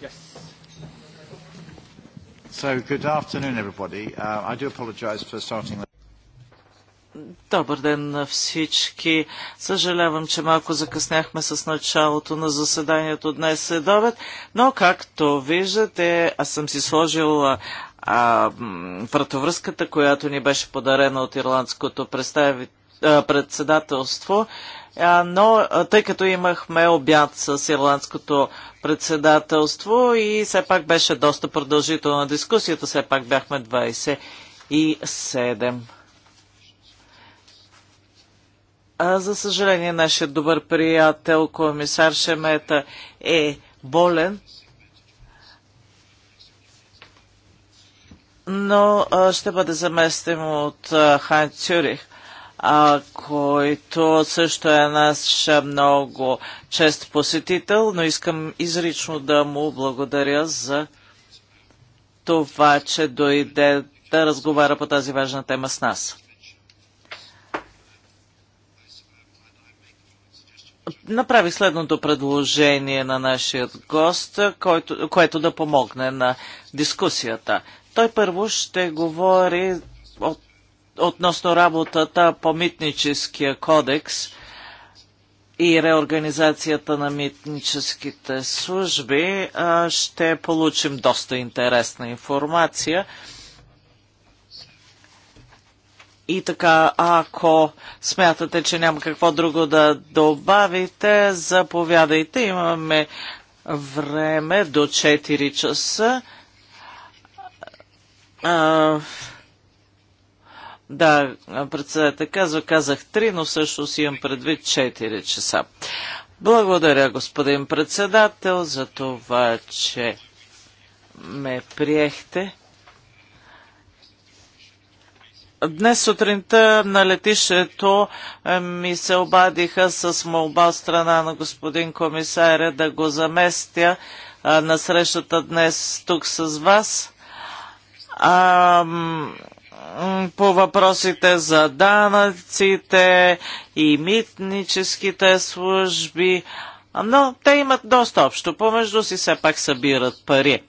Yes. So, good afternoon, everybody. Uh, I do apologize for starting Добър ден на всички. Съжалявам, че малко закъсняхме с началото на заседанието днес след обед, но както виждате, аз съм си сложил а, вратовръзката, която ни беше подарена от ирландското представител председателство но тъй като имахме обяд с ирландското председателство и все пак беше доста продължителна дискусията, все пак бяхме 27. А, за съжаление, нашият добър приятел, комисар Шемета, е болен. Но а, ще бъде заместен от а, Хан Цюрих а, който също е наш много чест посетител, но искам изрично да му благодаря за това, че дойде да разговаря по тази важна тема с нас. Направих следното предложение на нашия гост, който, което да помогне на дискусията. Той първо ще говори от относно работата по митническия кодекс и реорганизацията на митническите служби, ще получим доста интересна информация. И така, ако смятате, че няма какво друго да добавите, заповядайте. Имаме време до 4 часа. Да, председател казва, казах три, но всъщност имам предвид 4 часа. Благодаря, господин председател, за това, че ме приехте. Днес сутринта на летището е, ми се обадиха с молба страна на господин комисаря да го заместя е, на срещата днес тук с вас. Ам по въпросите за данъците и митническите служби, но те имат доста общо. Помежду си все пак събират пари.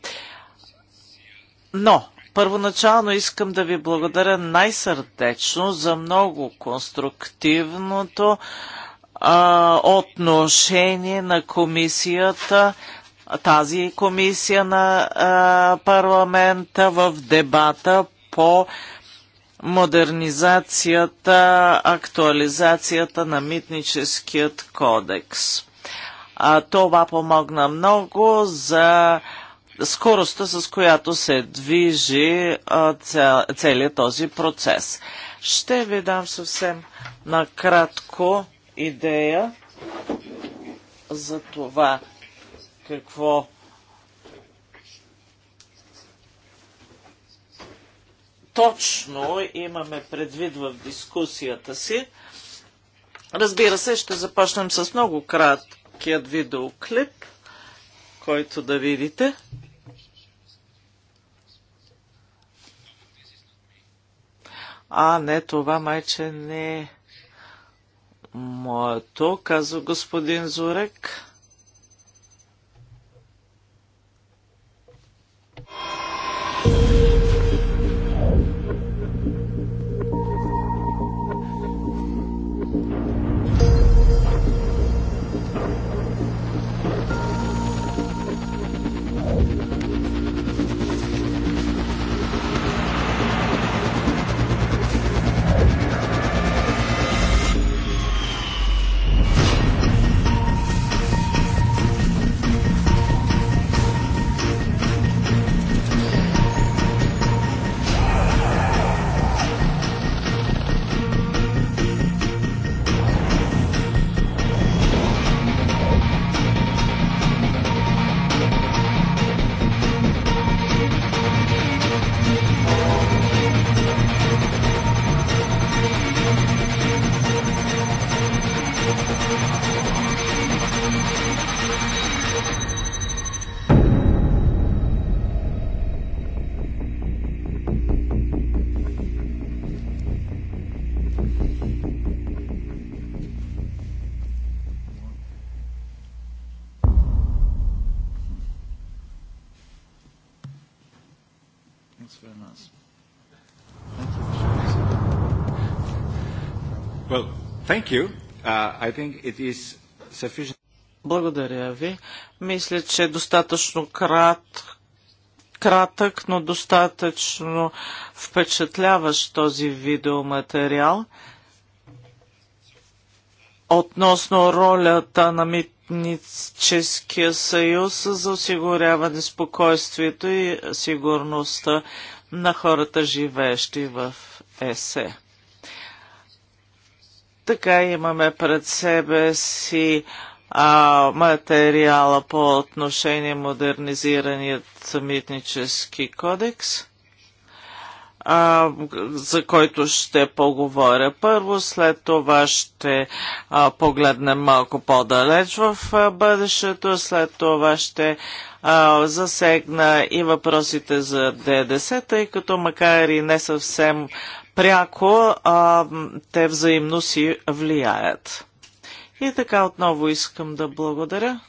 Но, първоначално искам да ви благодаря най-сърдечно за много конструктивното а, отношение на комисията тази комисия на а, парламента в дебата по модернизацията, актуализацията на митническият кодекс. А, това помогна много за скоростта, с която се движи а, ця, целият този процес. Ще ви дам съвсем накратко идея за това какво точно имаме предвид в дискусията си. Разбира се, ще започнем с много краткият видеоклип, който да видите. А, не, това майче не е моето, казва господин Зурек. Thank you. Uh, I think it is sufficient. Благодаря ви. Мисля, че е достатъчно крат, кратък, но достатъчно впечатляващ този видеоматериал относно ролята на Митническия съюз за осигуряване спокойствието и сигурността на хората, живеещи в ЕСЕ. Така имаме пред себе си а, материала по отношение модернизираният митнически кодекс, а, за който ще поговоря първо, след това ще а, погледнем малко по-далеч в а, бъдещето, след това ще а, засегна и въпросите за ДДС, тъй като макар и не съвсем пряко а, те взаимно си влияят. И така отново искам да благодаря.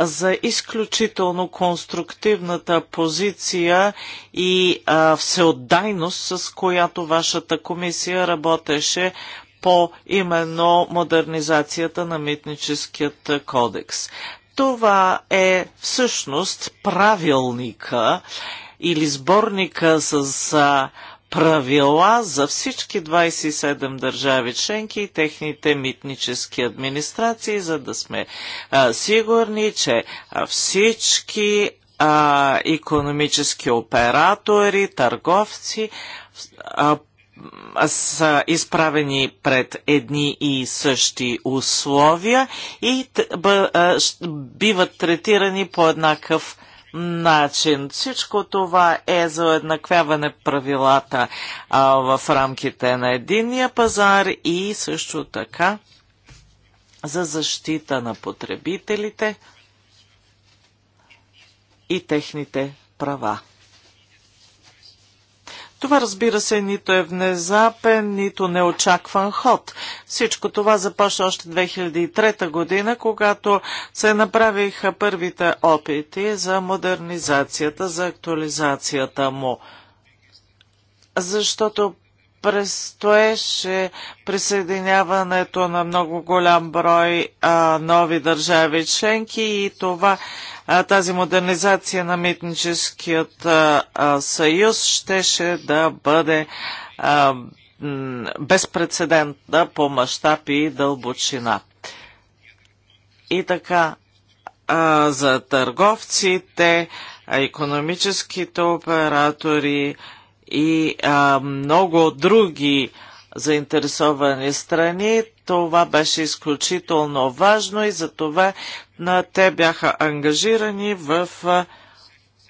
за изключително конструктивната позиция и а, всеотдайност, с която вашата комисия работеше по именно модернизацията на митническият кодекс. Това е всъщност правилника или сборника с а, правила за всички 27 държави членки и техните митнически администрации, за да сме а, сигурни, че а, всички а, економически оператори, търговци са изправени пред едни и същи условия и биват третирани по еднакъв начин. Всичко това е за еднаквяване правилата а, в рамките на единния пазар и също така за защита на потребителите и техните права. Това разбира се нито е внезапен, нито неочакван ход. Всичко това започна още 2003 година, когато се направиха първите опити за модернизацията, за актуализацията му. Защото престоеше присъединяването на много голям брой а, нови държави членки и това а, тази модернизация на митническият а, а, съюз щеше да бъде а, безпредседентна по мащаб и дълбочина. И така, а, за търговците, економическите оператори, а, и а, много други заинтересовани страни. Това беше изключително важно и затова на те бяха ангажирани в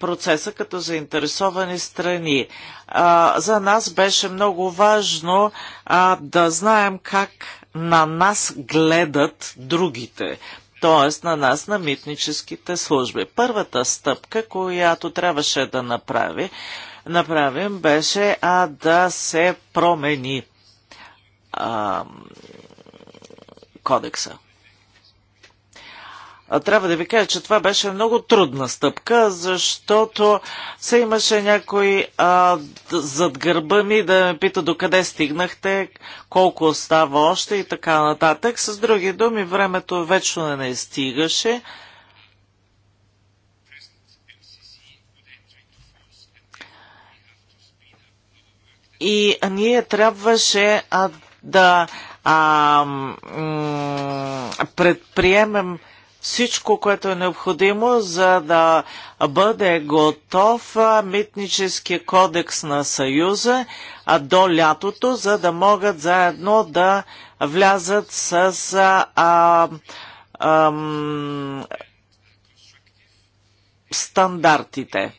процеса като заинтересовани страни. А, за нас беше много важно а, да знаем как на нас гледат другите, т.е. на нас на митническите служби. Първата стъпка, която трябваше да направи, направим, беше а да се промени а, кодекса. Трябва да ви кажа, че това беше много трудна стъпка, защото се имаше някой а, зад гърба ми да ме пита докъде стигнахте, колко остава още и така нататък. С други думи, времето вечно не, не стигаше. и ние трябваше а, да а, предприемем всичко, което е необходимо, за да бъде готов митнически кодекс на Съюза а до лятото, за да могат заедно да влязат с а, а, а, стандартите.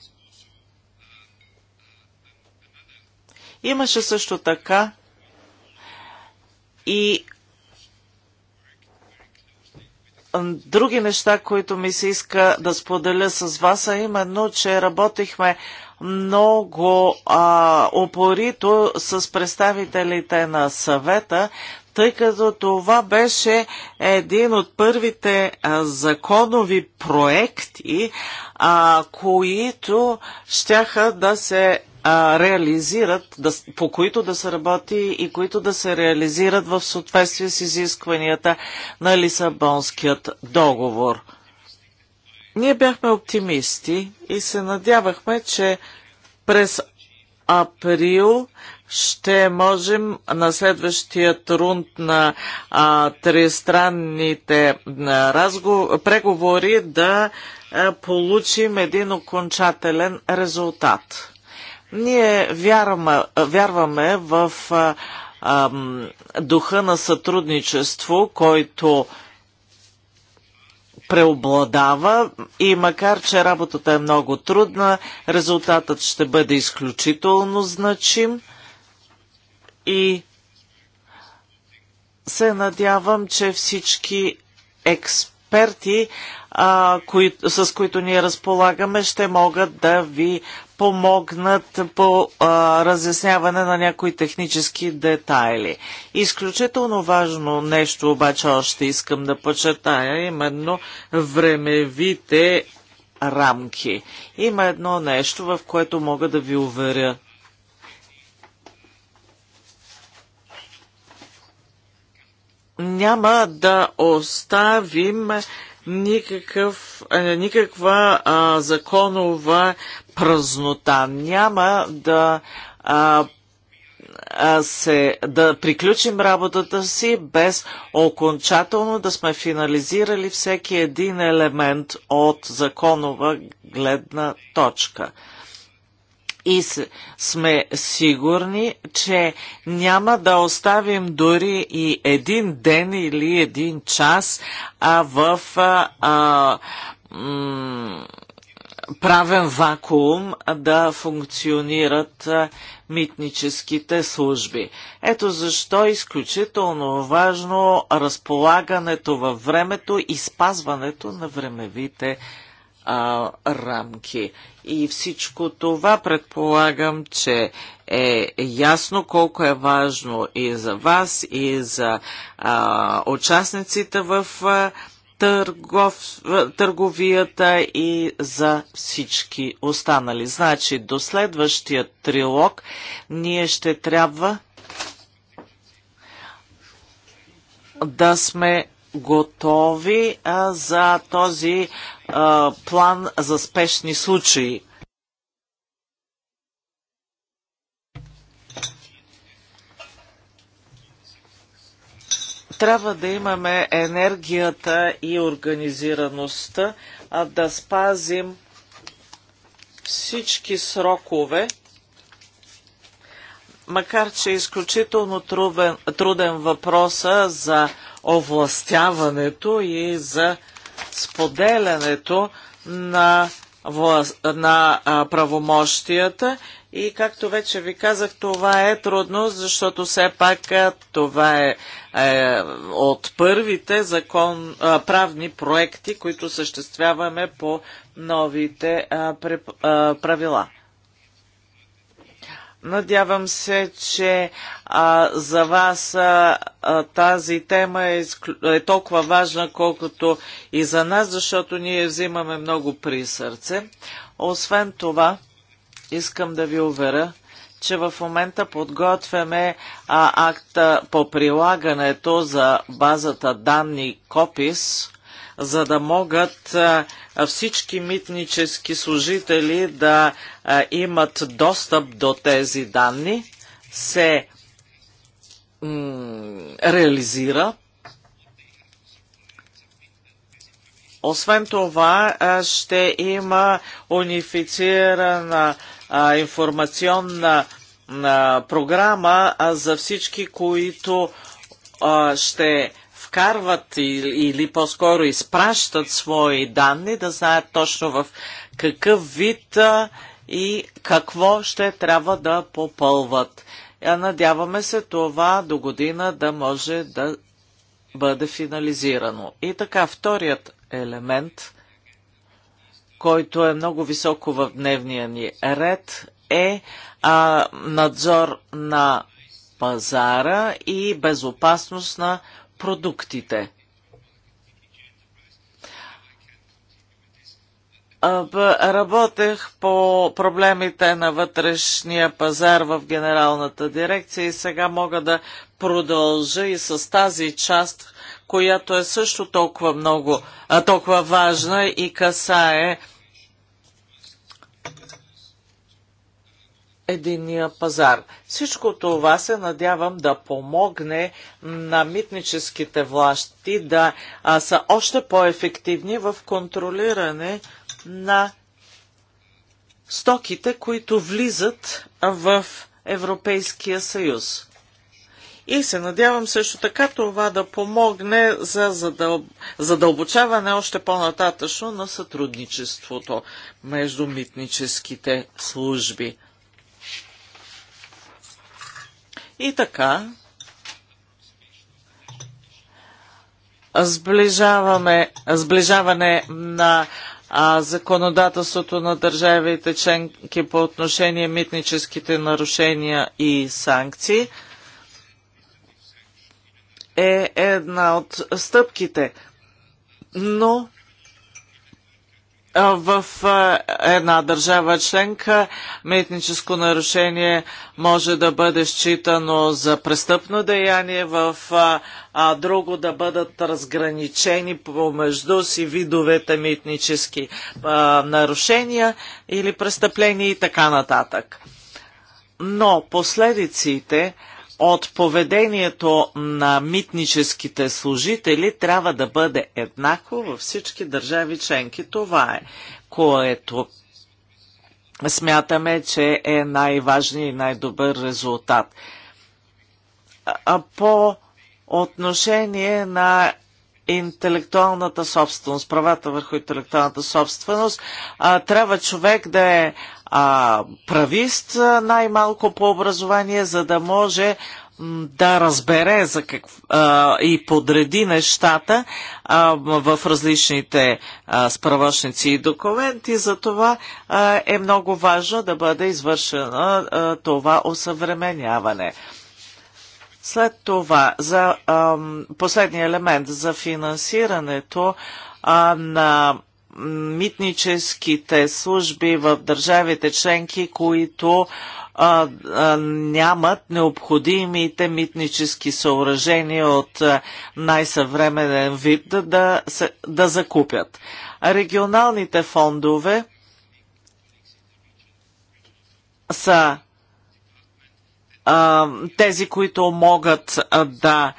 Имаше също така и други неща, които ми се иска да споделя с вас, а именно, че работихме много а, опорито с представителите на съвета, тъй като това беше един от първите а, законови проекти, а, които щяха да се а, реализират, да, по които да се работи и които да се реализират в съответствие с изискванията на Лисабонският договор. Ние бяхме оптимисти и се надявахме, че през април ще можем на следващия рунд на а, тристранните преговори да а, получим един окончателен резултат. Ние вярваме, вярваме в а, а, духа на сътрудничество, който преобладава и макар, че работата е много трудна, резултатът ще бъде изключително значим и се надявам, че всички експерти, а, кои, с които ние разполагаме, ще могат да ви помогнат по а, разясняване на някои технически детайли. Изключително важно нещо обаче още искам да почетая, именно времевите рамки. Има едно нещо, в което мога да ви уверя. Няма да оставим никакъв, е, никаква а, законова празнота. Няма да а, се, да приключим работата си без окончателно да сме финализирали всеки един елемент от законова гледна точка. И сме сигурни, че няма да оставим дори и един ден или един час а в а, а, правен вакуум да функционират митническите служби. Ето защо е изключително важно разполагането във времето и спазването на времевите а, рамки. И всичко това предполагам, че е ясно колко е важно и за вас, и за а, участниците в а, търгов, търговията и за всички останали. Значи до следващия трилог ние ще трябва да сме готови а, за този а, план за спешни случаи. Трябва да имаме енергията и организираността, а да спазим всички срокове, макар че е изключително труден, труден въпроса за овластяването и за споделянето на, на правомощията и както вече ви казах, това е трудно, защото все пак е, това е, е от първите закон, а, правни проекти, които съществяваме по новите а, преп, а, правила. Надявам се, че а, за вас а, а, тази тема е, е толкова важна, колкото и за нас, защото ние взимаме много при сърце. Освен това, искам да ви уверя, че в момента подготвяме а, акта по прилагането за базата данни КОПИС, за да могат а, всички митнически служители да а, имат достъп до тези данни, се реализира. Освен това, ще има унифицирана а, информационна а, програма а, за всички, които а, ще вкарват или, или по-скоро изпращат свои данни, да знаят точно в какъв вид а, и какво ще трябва да попълват. Надяваме се това до година да може да бъде финализирано. И така, вторият елемент който е много високо в дневния ни ред, е а, надзор на пазара и безопасност на продуктите. Работех по проблемите на вътрешния пазар в Генералната дирекция и сега мога да продължа и с тази част която е също толкова много, а, толкова важна и касае единия пазар. Всичко това се надявам да помогне на митническите власти да а, са още по-ефективни в контролиране на стоките, които влизат в Европейския съюз. И се надявам също така това да помогне за задъл... задълбочаване още по-нататъчно на сътрудничеството между митническите служби. И така, сближаваме, сближаване на а, законодателството на държавите членки по отношение митническите нарушения и санкции – е една от стъпките. Но в една държава членка митническо нарушение може да бъде считано за престъпно деяние, в а друго да бъдат разграничени помежду си видовете митнически а, нарушения или престъпления и така нататък. Но последиците от поведението на митническите служители трябва да бъде еднакво във всички държави членки. Това е, което смятаме, че е най-важният и най-добър резултат. А по отношение на интелектуалната собственост, правата върху интелектуалната собственост, а, трябва човек да е а, правист най-малко по образование, за да може да разбере за как, а, и подреди нещата а, в различните а, справочници и документи. Затова а, е много важно да бъде извършено а, това осъвременяване. А, след това, за последния елемент, за финансирането а, на митническите служби в държавите членки, които а, а, нямат необходимите митнически съоръжения от най-съвременен вид да, да, да закупят. Регионалните фондове са тези, които могат да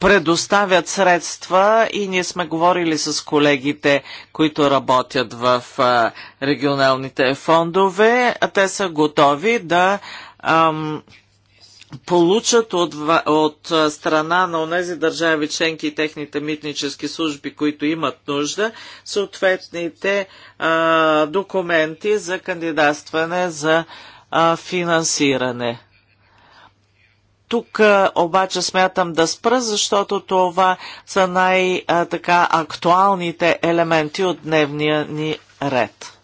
предоставят средства и ние сме говорили с колегите, които работят в регионалните фондове. Те са готови да получат от, от страна на тези държави членки и техните митнически служби, които имат нужда, съответните а, документи за кандидатстване за а, а, финансиране. Тук а, обаче смятам да спра, защото това са най актуалните елементи от дневния ни ред.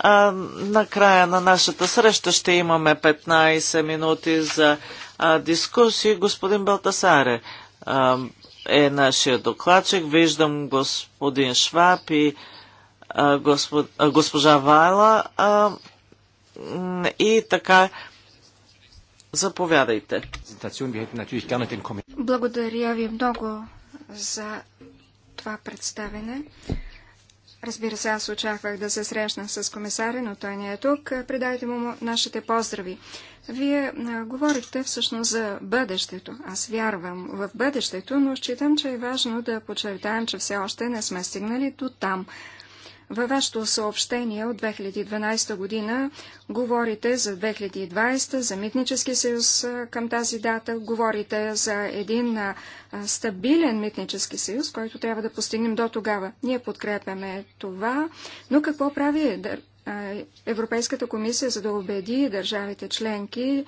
А, накрая на нашата среща ще имаме 15 минути за а, дискусии. Господин Балтасаре а, е нашия докладчик. Виждам господин Шваб и госпожа Вайла. И така, заповядайте. Е Благодаря ви много за това представене. Разбира се, аз очаквах да се срещна с комисаря, но той не е тук. Предайте му нашите поздрави. Вие а, говорихте всъщност за бъдещето. Аз вярвам в бъдещето, но считам, че е важно да подчертаем, че все още не сме стигнали до там. Във вашето съобщение от 2012 година говорите за 2020, за митнически съюз към тази дата, говорите за един стабилен митнически съюз, който трябва да постигнем до тогава. Ние подкрепяме това, но какво прави Европейската комисия, за да убеди държавите членки,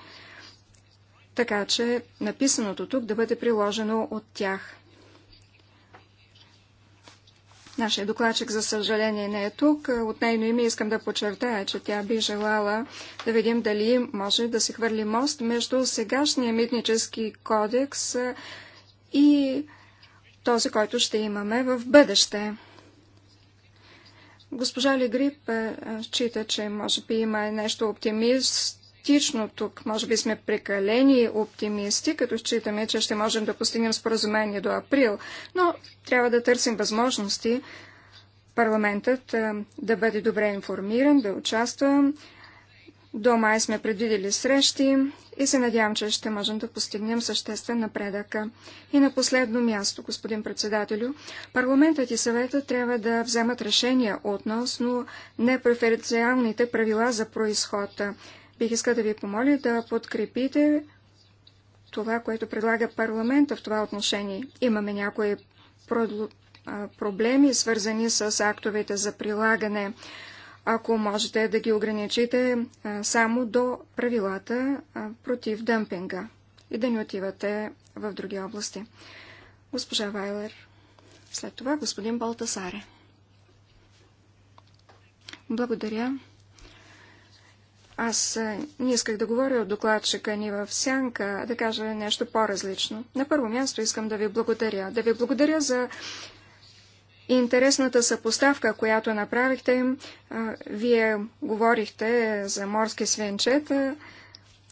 така че написаното тук да бъде приложено от тях. Нашия докладчик, за съжаление, не е тук. От нейно име искам да подчертая, че тя би желала да видим дали може да се хвърли мост между сегашния митнически кодекс и този, който ще имаме в бъдеще. Госпожа Легрип счита, че може би има нещо оптимист, реалистично тук. Може би сме прекалени оптимисти, като считаме, че ще можем да постигнем споразумение до април, но трябва да търсим възможности парламентът е, да бъде добре информиран, да участва. До май сме предвидели срещи и се надявам, че ще можем да постигнем съществен напредък. И на последно място, господин председателю, парламентът и съвета трябва да вземат решения относно непреференциалните правила за происхода. Бих иска да ви помоля да подкрепите това, което предлага парламента в това отношение. Имаме някои проблеми, свързани с актовете за прилагане. Ако можете да ги ограничите само до правилата против дъмпинга и да не отивате в други области. Госпожа Вайлер. След това господин Балтасаре. Благодаря. Аз е, не исках да говоря от докладчика ни в сянка, а да кажа нещо по-различно. На първо място искам да ви благодаря. Да ви благодаря за интересната съпоставка, която направихте. Е, вие говорихте за морски свинчета,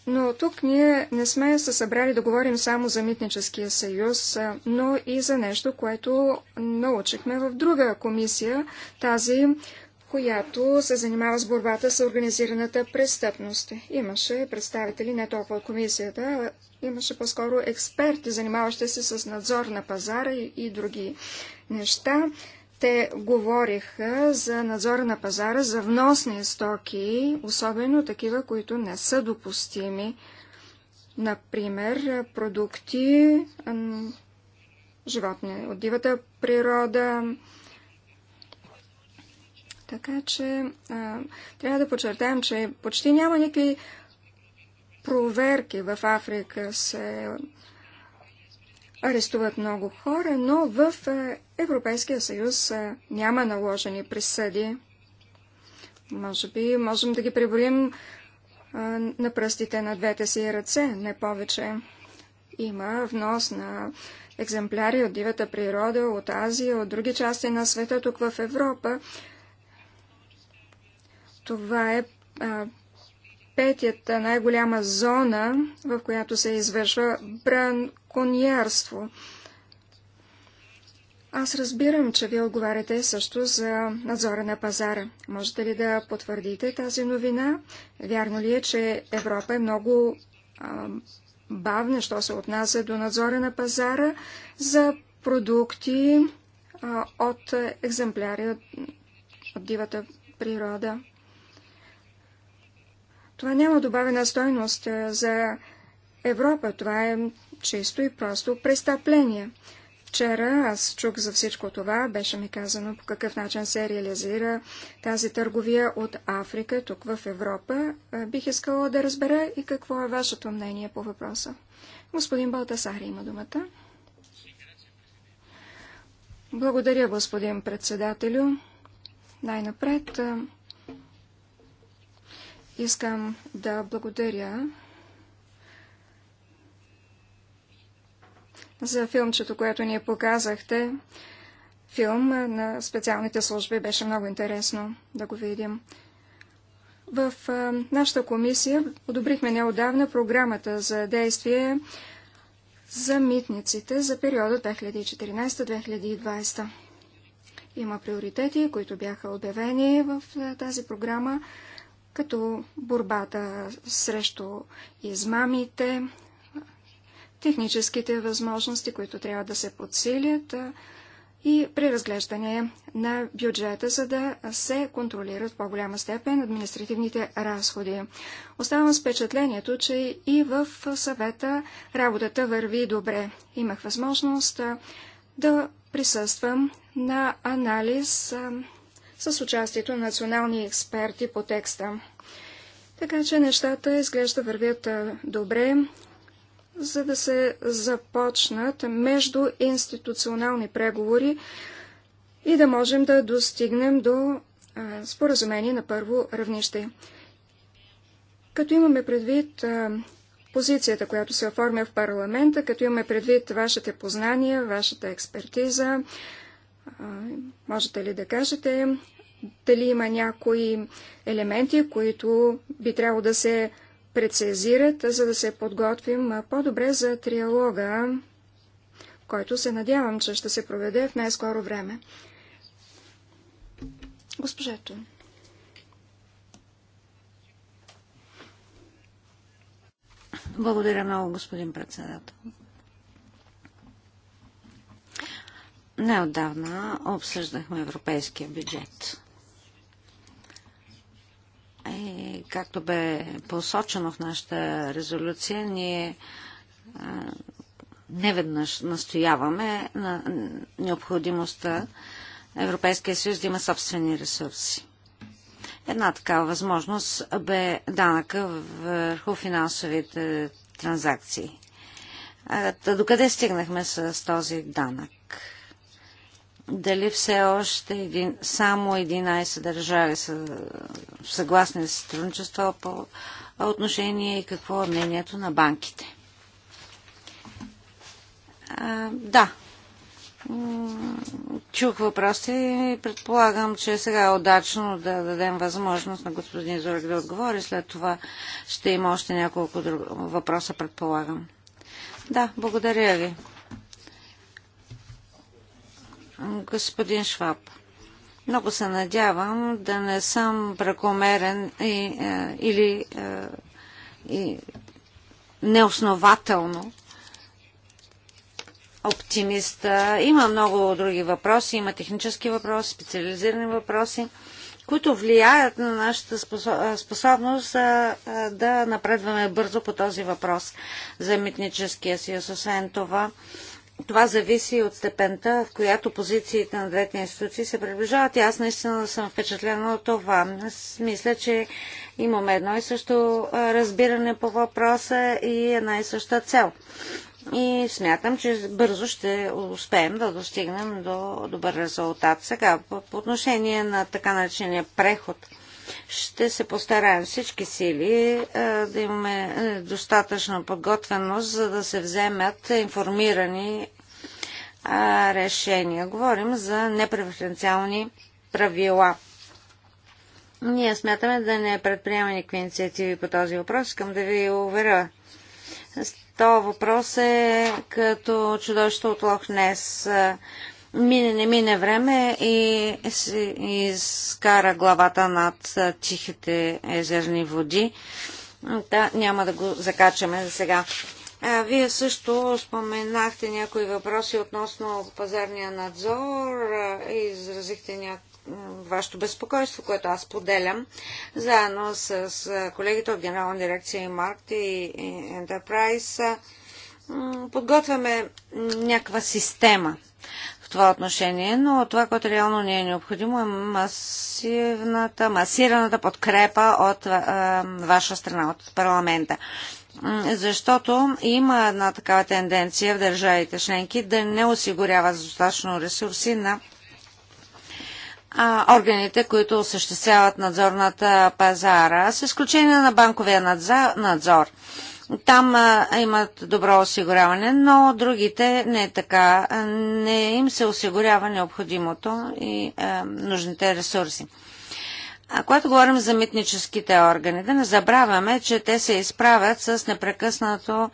но тук ние не сме се събрали да говорим само за Митническия съюз, е, но и за нещо, което научихме в друга комисия, тази която се занимава с борбата с организираната престъпност. Имаше представители не толкова от комисията, а имаше по-скоро експерти, занимаващи се с надзор на пазара и, и други неща. Те говориха за надзора на пазара, за вносни стоки, особено такива, които не са допустими. Например, продукти, животни от дивата природа, така че а, трябва да подчертаем, че почти няма никакви проверки в Африка се арестуват много хора, но в Европейския съюз няма наложени присъди. Може би можем да ги приборим на пръстите на двете си ръце, не повече. Има внос на екземпляри от дивата природа, от Азия, от други части на света, тук в Европа, това е а, петията най-голяма зона, в която се извършва бранконьярство. Аз разбирам, че вие отговаряте също за надзора на пазара. Можете ли да потвърдите тази новина? Вярно ли е, че Европа е много а, бавна, що се отнася до надзора на пазара за продукти а, от екземпляри от, от дивата природа? Това няма добавена стойност за Европа. Това е чисто и просто престъпление. Вчера аз чух за всичко това, беше ми казано по какъв начин се реализира тази търговия от Африка тук в Европа. Бих искала да разбера и какво е вашето мнение по въпроса. Господин Балтасари има думата. Благодаря, господин председателю. Най-напред Искам да благодаря за филмчето, което ни показахте. Филм на специалните служби. Беше много интересно да го видим. В нашата комисия одобрихме неодавна програмата за действие за митниците за периода 2014-2020. Има приоритети, които бяха обявени в тази програма като борбата срещу измамите, техническите възможности, които трябва да се подсилят и при разглеждане на бюджета, за да се контролират в по-голяма степен административните разходи. Оставам с впечатлението, че и в съвета работата върви добре. Имах възможност да присъствам на анализ с участието на национални експерти по текста. Така че нещата изглежда вървят добре, за да се започнат между институционални преговори и да можем да достигнем до споразумение на първо равнище. Като имаме предвид позицията, която се оформя в парламента, като имаме предвид вашите познания, вашата експертиза, Можете ли да кажете дали има някои елементи, които би трябвало да се прецизират, за да се подготвим по-добре за триалога, който се надявам, че ще се проведе в най-скоро време. Госпожето, Благодаря много, господин председател. неодавна обсъждахме европейския бюджет. И както бе посочено в нашата резолюция, ние неведнъж настояваме на необходимостта Европейския съюз да има собствени ресурси. Една такава възможност бе данъка върху финансовите транзакции. Докъде стигнахме с този данък? дали все още един, само 11 държави са съгласни с сътрудничество по отношение и какво е мнението на банките. А, да. Чух въпроси и предполагам, че сега е удачно да дадем възможност на господин Зорг да отговори. След това ще има още няколко друг... въпроса, предполагам. Да, благодаря ви. Господин Шваб, много се надявам да не съм прекомерен и, е, или е, и неоснователно оптимист. Има много други въпроси, има технически въпроси, специализирани въпроси, които влияят на нашата способност да напредваме бързо по този въпрос за митническия съюз. Освен това, това зависи от степента, в която позициите на двете институции се приближават. И аз наистина съм впечатлена от това. Аз мисля, че имаме едно и също разбиране по въпроса и една и съща цел. И смятам, че бързо ще успеем да достигнем до добър резултат. Сега, по отношение на така наречения преход – ще се постараем всички сили да имаме достатъчна подготвеност, за да се вземат информирани решения. Говорим за непреференциални правила. Ние смятаме да не предприемаме никакви инициативи по този въпрос. Искам да ви уверя. това въпрос е като чудовището от Лохнес. Нес мине не мине време и се изкара главата над тихите езерни води. Да, няма да го закачаме за сега. А, вие също споменахте някои въпроси относно пазарния надзор и изразихте някои вашето безпокойство, което аз поделям, заедно с колегите от Генерална дирекция и Маркт и Enterprise. Подготвяме някаква система това отношение, но това, което реално ни е необходимо е масивната, масираната подкрепа от а, ваша страна, от парламента. Защото има една такава тенденция в държавите членки да не осигуряват достатъчно ресурси на а, органите, които осъществяват надзорната пазара, с изключение на банковия надзор. Там а, имат добро осигуряване, но другите не е така. Не им се осигурява необходимото и а, нужните ресурси. А когато говорим за митническите органи, да не забравяме, че те се изправят с непрекъснато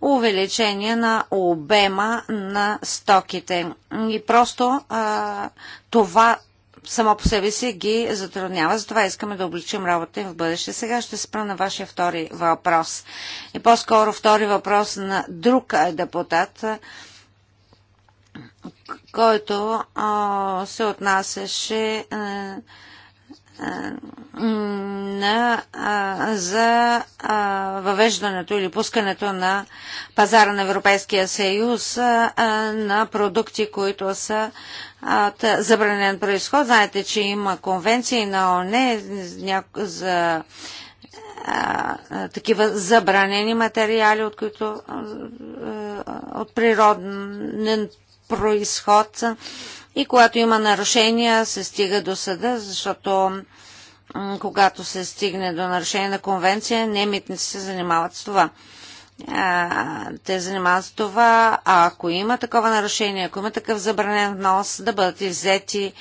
увеличение на обема на стоките. И просто а, това само по себе си ги затруднява. Затова искаме да обличим работа им в бъдеще. Сега ще спра на вашия втори въпрос. И по-скоро втори въпрос на друг депутат, който а, се отнасяше на, а, за а, въвеждането или пускането на пазара на Европейския съюз а, на продукти, които са от забранен происход. Знаете, че има конвенции на ОНЕ за такива забранени материали, от които от природен происход. И когато има нарушения, се стига до съда, защото когато се стигне до нарушение на конвенция, не митници се занимават с това те занимават с това, а ако има такова нарушение, ако има такъв забранен внос, да бъдат взети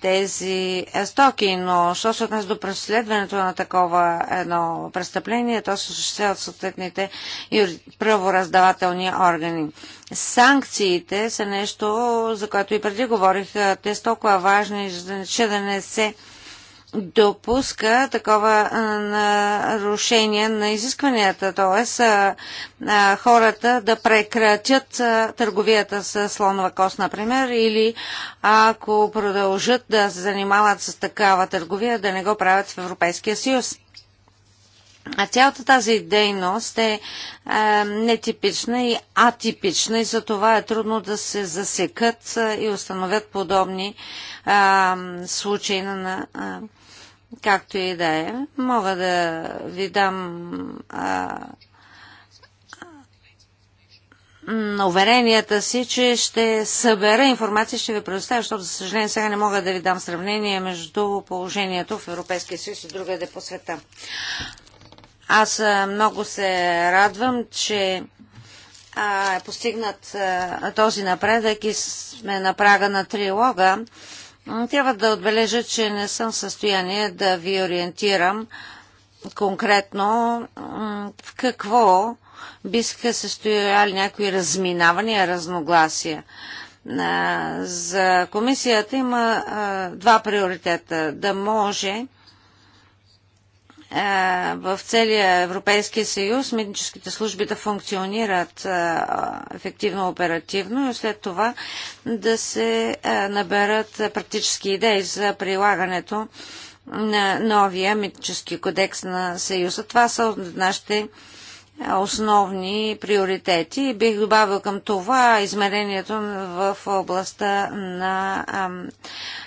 тези е, стоки. Но, що се отнася до преследването на такова едно престъпление, то се осъществява от съответните правораздавателни органи. Санкциите са нещо, за което и преди говорих. Те са толкова важни, че да не се допуска такова нарушение на изискванията, т.е. хората да прекратят търговията с слонова кост, например, или ако продължат да се занимават с такава търговия, да не го правят в Европейския съюз. А цялата тази дейност е, е нетипична и атипична и затова е трудно да се засекат и установят подобни е, случаи на, на Както и да е. Мога да ви дам а, уверенията си, че ще събера информация, ще ви предоставя, защото, за съжаление, сега не мога да ви дам сравнение между положението в Европейския съюз и другаде по света. Аз много се радвам, че е постигнат а, този напредък и сме на прага на трилога трябва да отбележа, че не съм в състояние да ви ориентирам конкретно в какво биха се стояли някои разминавания, разногласия. За комисията има два приоритета. Да може в целия Европейския съюз митническите служби да функционират ефективно оперативно и след това да се наберат практически идеи за прилагането на новия митнически кодекс на Съюза. Това са нашите основни приоритети. бих добавил към това измерението в областта на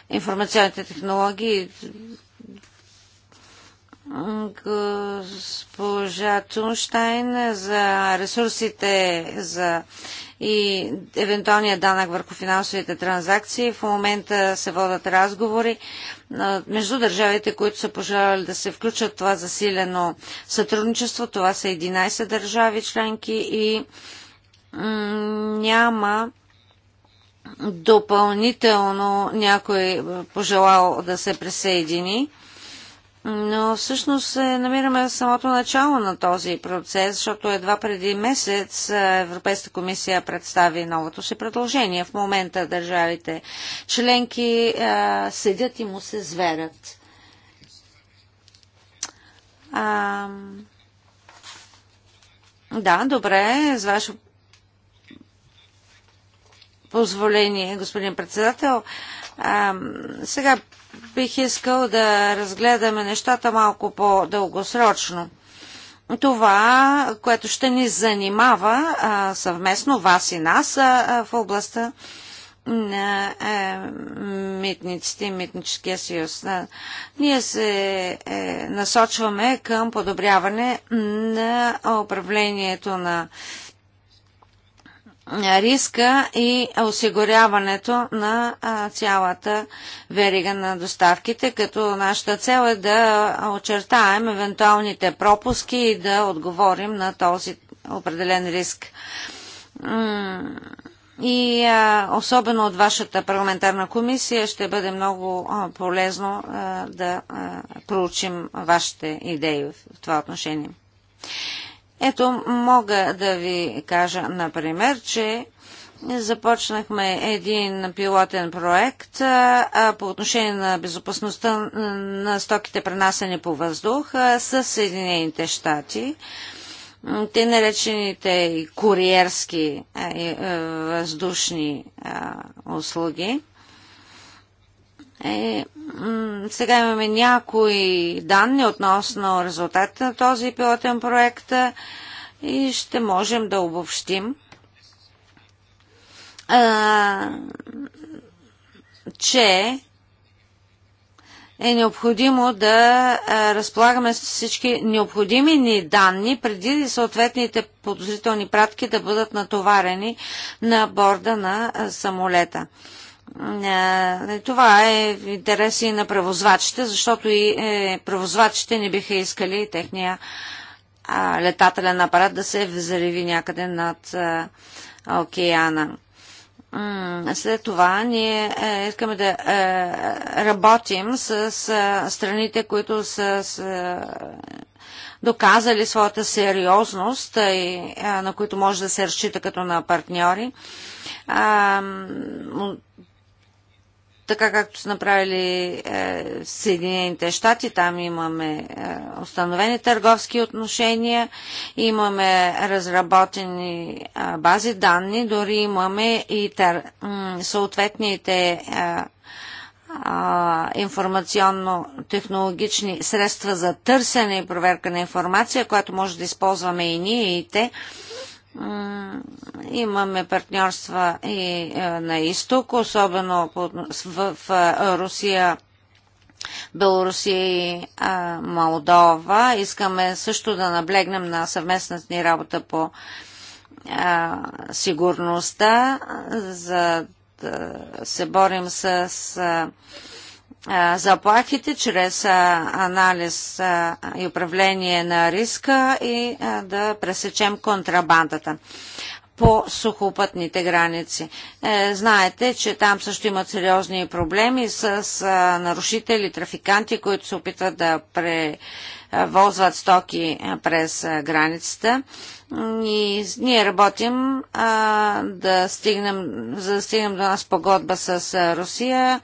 информационните технологии госпожа Тунштайн за ресурсите за и евентуалния данък върху финансовите транзакции. В момента се водят разговори между държавите, които са пожелали да се включат това засилено сътрудничество. Това са 11 държави членки и няма допълнително някой пожелал да се присъедини. Но всъщност се намираме в самото начало на този процес, защото едва преди месец Европейската комисия представи новото си предложение. В момента държавите членки а, седят и му се зверят. А, да, добре, с ваше позволение, господин председател. А, сега бих искал да разгледаме нещата малко по-дългосрочно. Това, което ще ни занимава а, съвместно вас и нас а, в областта на е, митниците и митническия съюз. А, ние се е, насочваме към подобряване на управлението на риска и осигуряването на цялата верига на доставките, като нашата цел е да очертаем евентуалните пропуски и да отговорим на този определен риск. И особено от вашата парламентарна комисия ще бъде много полезно да проучим вашите идеи в това отношение. Ето, мога да ви кажа, например, че започнахме един пилотен проект а, по отношение на безопасността на стоките пренасени по въздух а, с Съединените щати. Те наречените и куриерски а, и, въздушни услуги. Е, сега имаме някои данни относно резултатите на този пилотен проект и ще можем да обобщим, а, че е необходимо да разполагаме с всички необходими ни данни преди съответните подозрителни пратки да бъдат натоварени на борда на самолета. Е, това е в интерес и на превозвачите, защото и е, превозвачите не биха искали техния летателен апарат да се взриви някъде над е, океана. След това ние искаме да работим с страните, които са доказали своята сериозност, и на които може да се разчита като на партньори така както са направили е, Съединените щати, там имаме е, установени търговски отношения, имаме разработени е, бази данни, дори имаме и тър, съответните е, информационно-технологични средства за търсене и проверка на информация, която може да използваме и ние и те. Е, Имаме партньорства и е, на изток, особено в е, Русия, Белорусия и е, Молдова. Искаме също да наблегнем на съвместната ни работа по сигурността, за да се борим с заплахите чрез анализ и управление на риска и да пресечем контрабандата по сухопътните граници. Е, знаете, че там също имат сериозни проблеми с, нарушители, трафиканти, които се опитват да превозват стоки през границата. И ние работим да стигнем, за да стигнем до нас погодба с Русия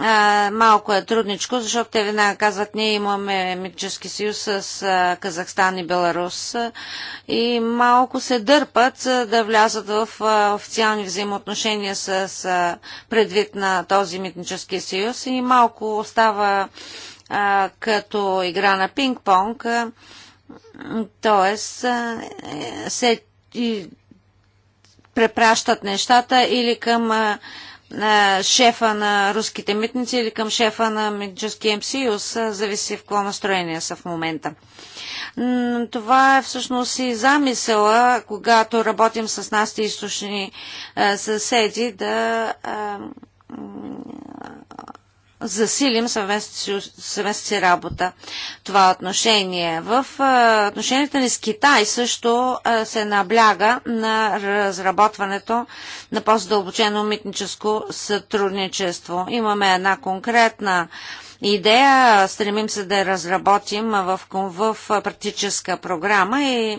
а, малко е трудничко, защото те веднага казват, ние имаме митнически съюз с а, Казахстан и Беларус и малко се дърпат а, да влязат в а, официални взаимоотношения с а, предвид на този митнически съюз и малко остава а, като игра на пинг-понг. Тоест, е, се и, препращат нещата или към а, а, е, шефа на руските митници или към шефа на Меджуския съюз, зависи в какво настроение са в момента. Това е всъщност и замисъла, когато работим с нашите източни е, съседи, да е, засилим съвместната си работа това отношение. В отношенията ни с Китай също се набляга на разработването на по-задълбочено митническо сътрудничество. Имаме една конкретна идея, стремим се да я разработим в, в практическа програма и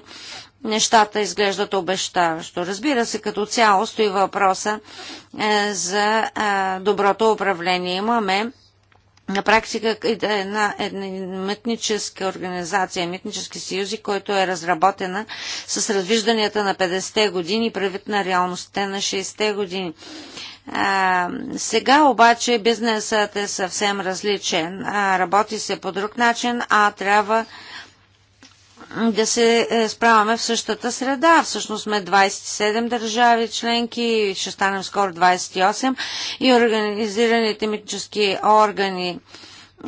нещата изглеждат обещаващо. Разбира се, като цяло стои въпроса е, за е, доброто управление. Имаме на практика е една, една митническа организация, митнически съюзи, който е разработена с развижданията на 50-те години, и правит на реалността на 60-те години. А, сега обаче бизнесът е съвсем различен. А, работи се по друг начин, а трябва да се е, справяме в същата среда. Всъщност сме 27 държави членки, ще станем скоро 28 и организираните митнически органи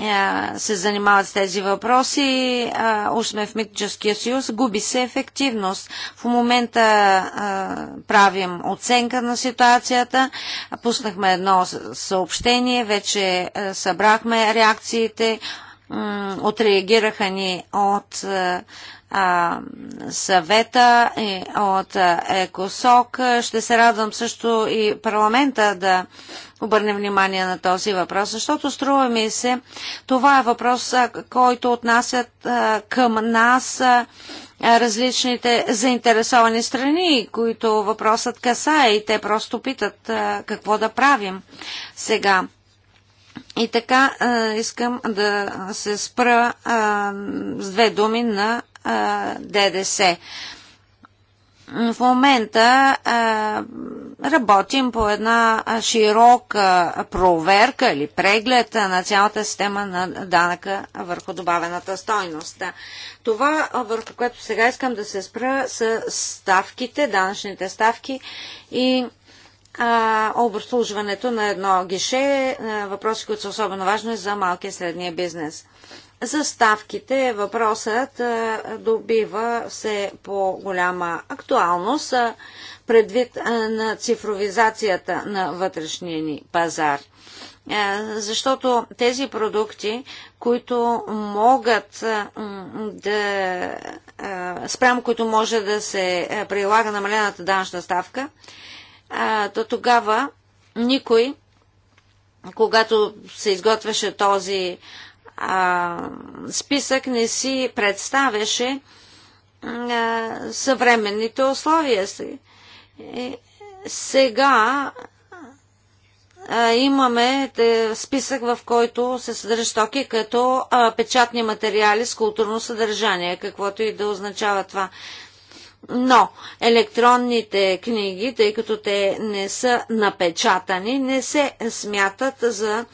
е, се занимават с тези въпроси. Е, уж сме в Митническия съюз. Губи се ефективност. В момента правим оценка на ситуацията. Пуснахме едно съобщение. Вече събрахме реакциите отреагираха ни от а, съвета и от ЕКОСОК. Ще се радвам също и парламента да обърне внимание на този въпрос, защото струва ми се, това е въпрос, който отнасят а, към нас а, различните заинтересовани страни, които въпросът касае и те просто питат а, какво да правим сега. И така а, искам да се спра а, с две думи на а, ДДС. В момента а, работим по една широка проверка или преглед на цялата система на данъка върху добавената стойност. Това, върху което сега искам да се спра, са ставките, данъчните ставки и обслужването на едно гише, въпроси, които са особено важни за малкия и средния бизнес. За ставките въпросът добива все по-голяма актуалност предвид на цифровизацията на вътрешния ни пазар. Защото тези продукти, които могат да, спрямо които може да се прилага намалената данъчна ставка, а, то тогава никой, когато се изготвяше този а, списък, не си представяше а, съвременните условия си. Сега имаме списък, в който се съдържа стоки като печатни материали с културно съдържание, каквото и да означава това. Но електронните книги, тъй като те не са напечатани, не се смятат за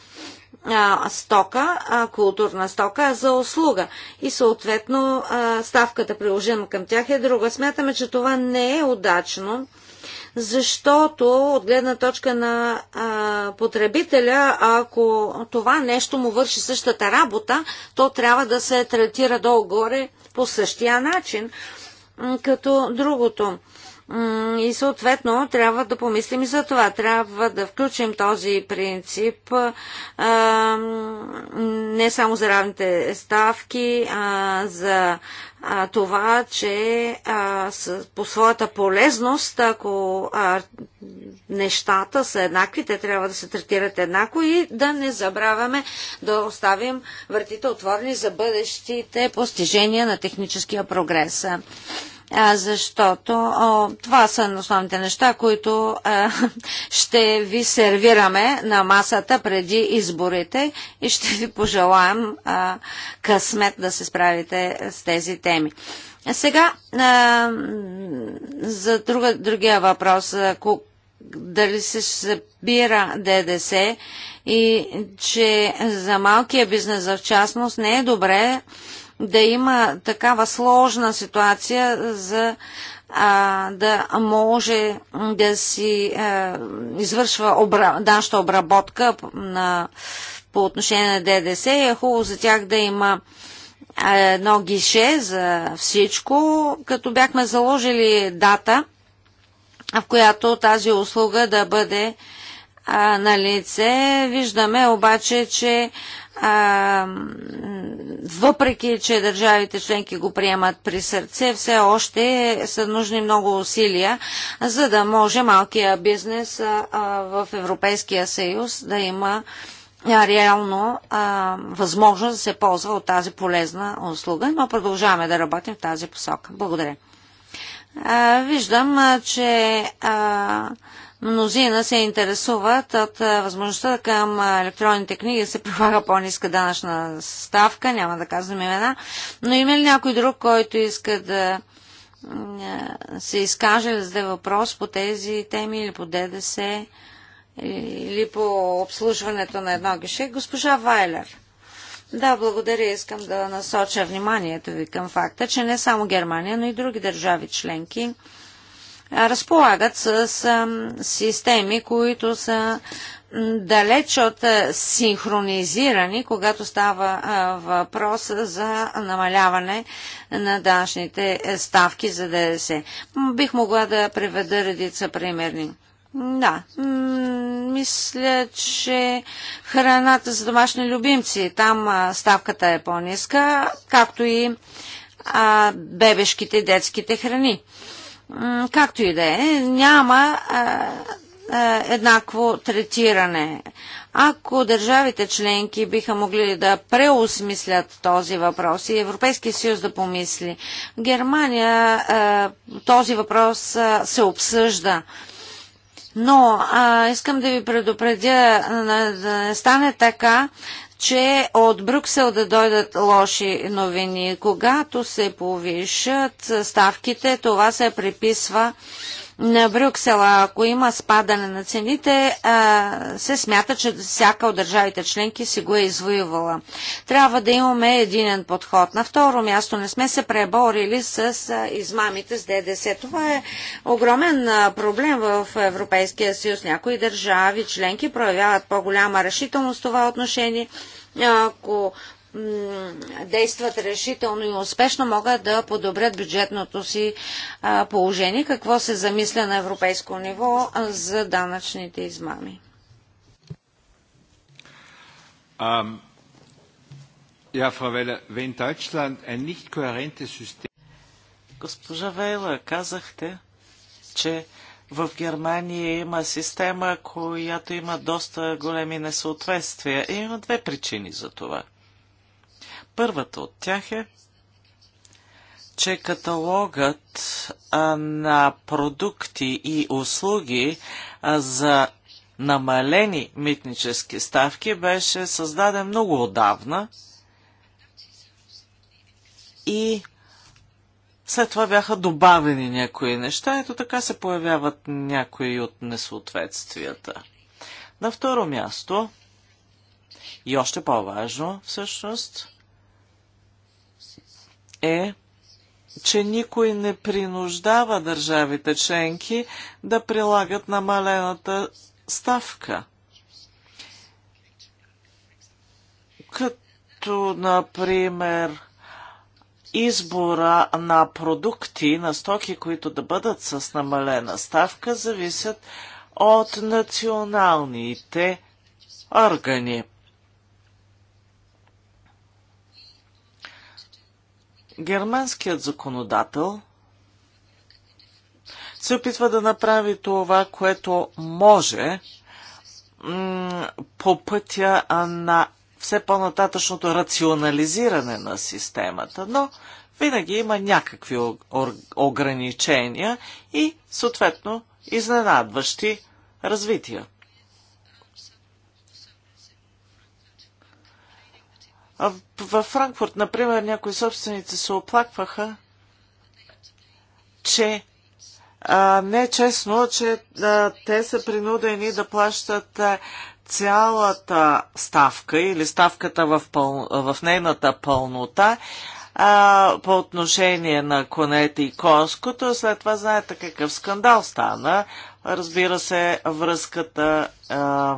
стока, културна стока, за услуга. И съответно ставката приложена към тях е друга. Смятаме, че това не е удачно защото от гледна точка на потребителя, ако това нещо му върши същата работа, то трябва да се третира долу-горе по същия начин като другото. И съответно трябва да помислим и за това. Трябва да включим този принцип не само за равните ставки, а за това, че по своята полезност, ако нещата са еднакви, те трябва да се третират еднакво и да не забравяме да оставим вратите отворени за бъдещите постижения на техническия прогрес защото о, това са основните неща, които е, ще ви сервираме на масата преди изборите и ще ви пожелаем е, късмет да се справите с тези теми. Сега е, за друга, другия въпрос. Ако, дали се събира ДДС и че за малкия бизнес в частност не е добре да има такава сложна ситуация за а, да може да си а, извършва обра... обработка на, по отношение на ДДС. Е хубаво за тях да има едно гише за всичко, като бяхме заложили дата, в която тази услуга да бъде а, на лице. Виждаме обаче, че а, въпреки, че държавите членки го приемат при сърце, все още са нужни много усилия, за да може малкия бизнес а, в Европейския съюз да има реално а, възможност да се ползва от тази полезна услуга, но продължаваме да работим в тази посока. Благодаря. А, виждам, а, че а, мнозина се интересуват от възможността към електронните книги да се прилага по-ниска данъчна ставка, няма да казвам имена, но има ли някой друг, който иска да се изкаже, да зададе въпрос по тези теми или по ДДС или по обслужването на едно геше? Госпожа Вайлер. Да, благодаря. Искам да насоча вниманието ви към факта, че не само Германия, но и други държави членки разполагат с системи, които са далеч от синхронизирани, когато става въпрос за намаляване на данъчните е, ставки за ДДС. Бих могла да преведа редица примерни. Да, мисля, че храната за домашни любимци, там ставката е по-ниска, както и бебешките детските храни както и да е, няма еднакво третиране. Ако държавите членки биха могли да преосмислят този въпрос и Европейския съюз да помисли, в Германия този въпрос се обсъжда. Но а, искам да ви предупредя да не стане така, че от Брюксел да дойдат лоши новини. Когато се повишат ставките, това се приписва на Брюксел. Ако има спадане на цените, се смята, че всяка от държавите членки си го е извоювала. Трябва да имаме единен подход. На второ място не сме се преборили с измамите с ДДС. Това е огромен проблем в Европейския съюз. Някои държави членки проявяват по-голяма решителност в това отношение ако действат решително и успешно, могат да подобрят бюджетното си положение. Какво се замисля на европейско ниво за данъчните измами? Госпожа Вейла, казахте, че в Германия има система, която има доста големи несъответствия. И има две причини за това – Първата от тях е, че каталогът на продукти и услуги за намалени митнически ставки беше създаден много отдавна и след това бяха добавени някои неща. Ето така се появяват някои от несъответствията. На второ място, и още по-важно всъщност, е, че никой не принуждава държавите членки да прилагат намалената ставка. Като, например, избора на продукти, на стоки, които да бъдат с намалена ставка, зависят от националните органи. Германският законодател се опитва да направи това, което може по пътя на все по-нататъчното рационализиране на системата, но винаги има някакви ограничения и, съответно, изненадващи развития. Във Франкфурт, например, някои собственици се оплакваха, че а, не е честно, че а, те са принудени да плащат а, цялата ставка или ставката в, пъл... в нейната пълнота а, по отношение на конете и конското. След това знаете какъв скандал стана. Разбира се, връзката а,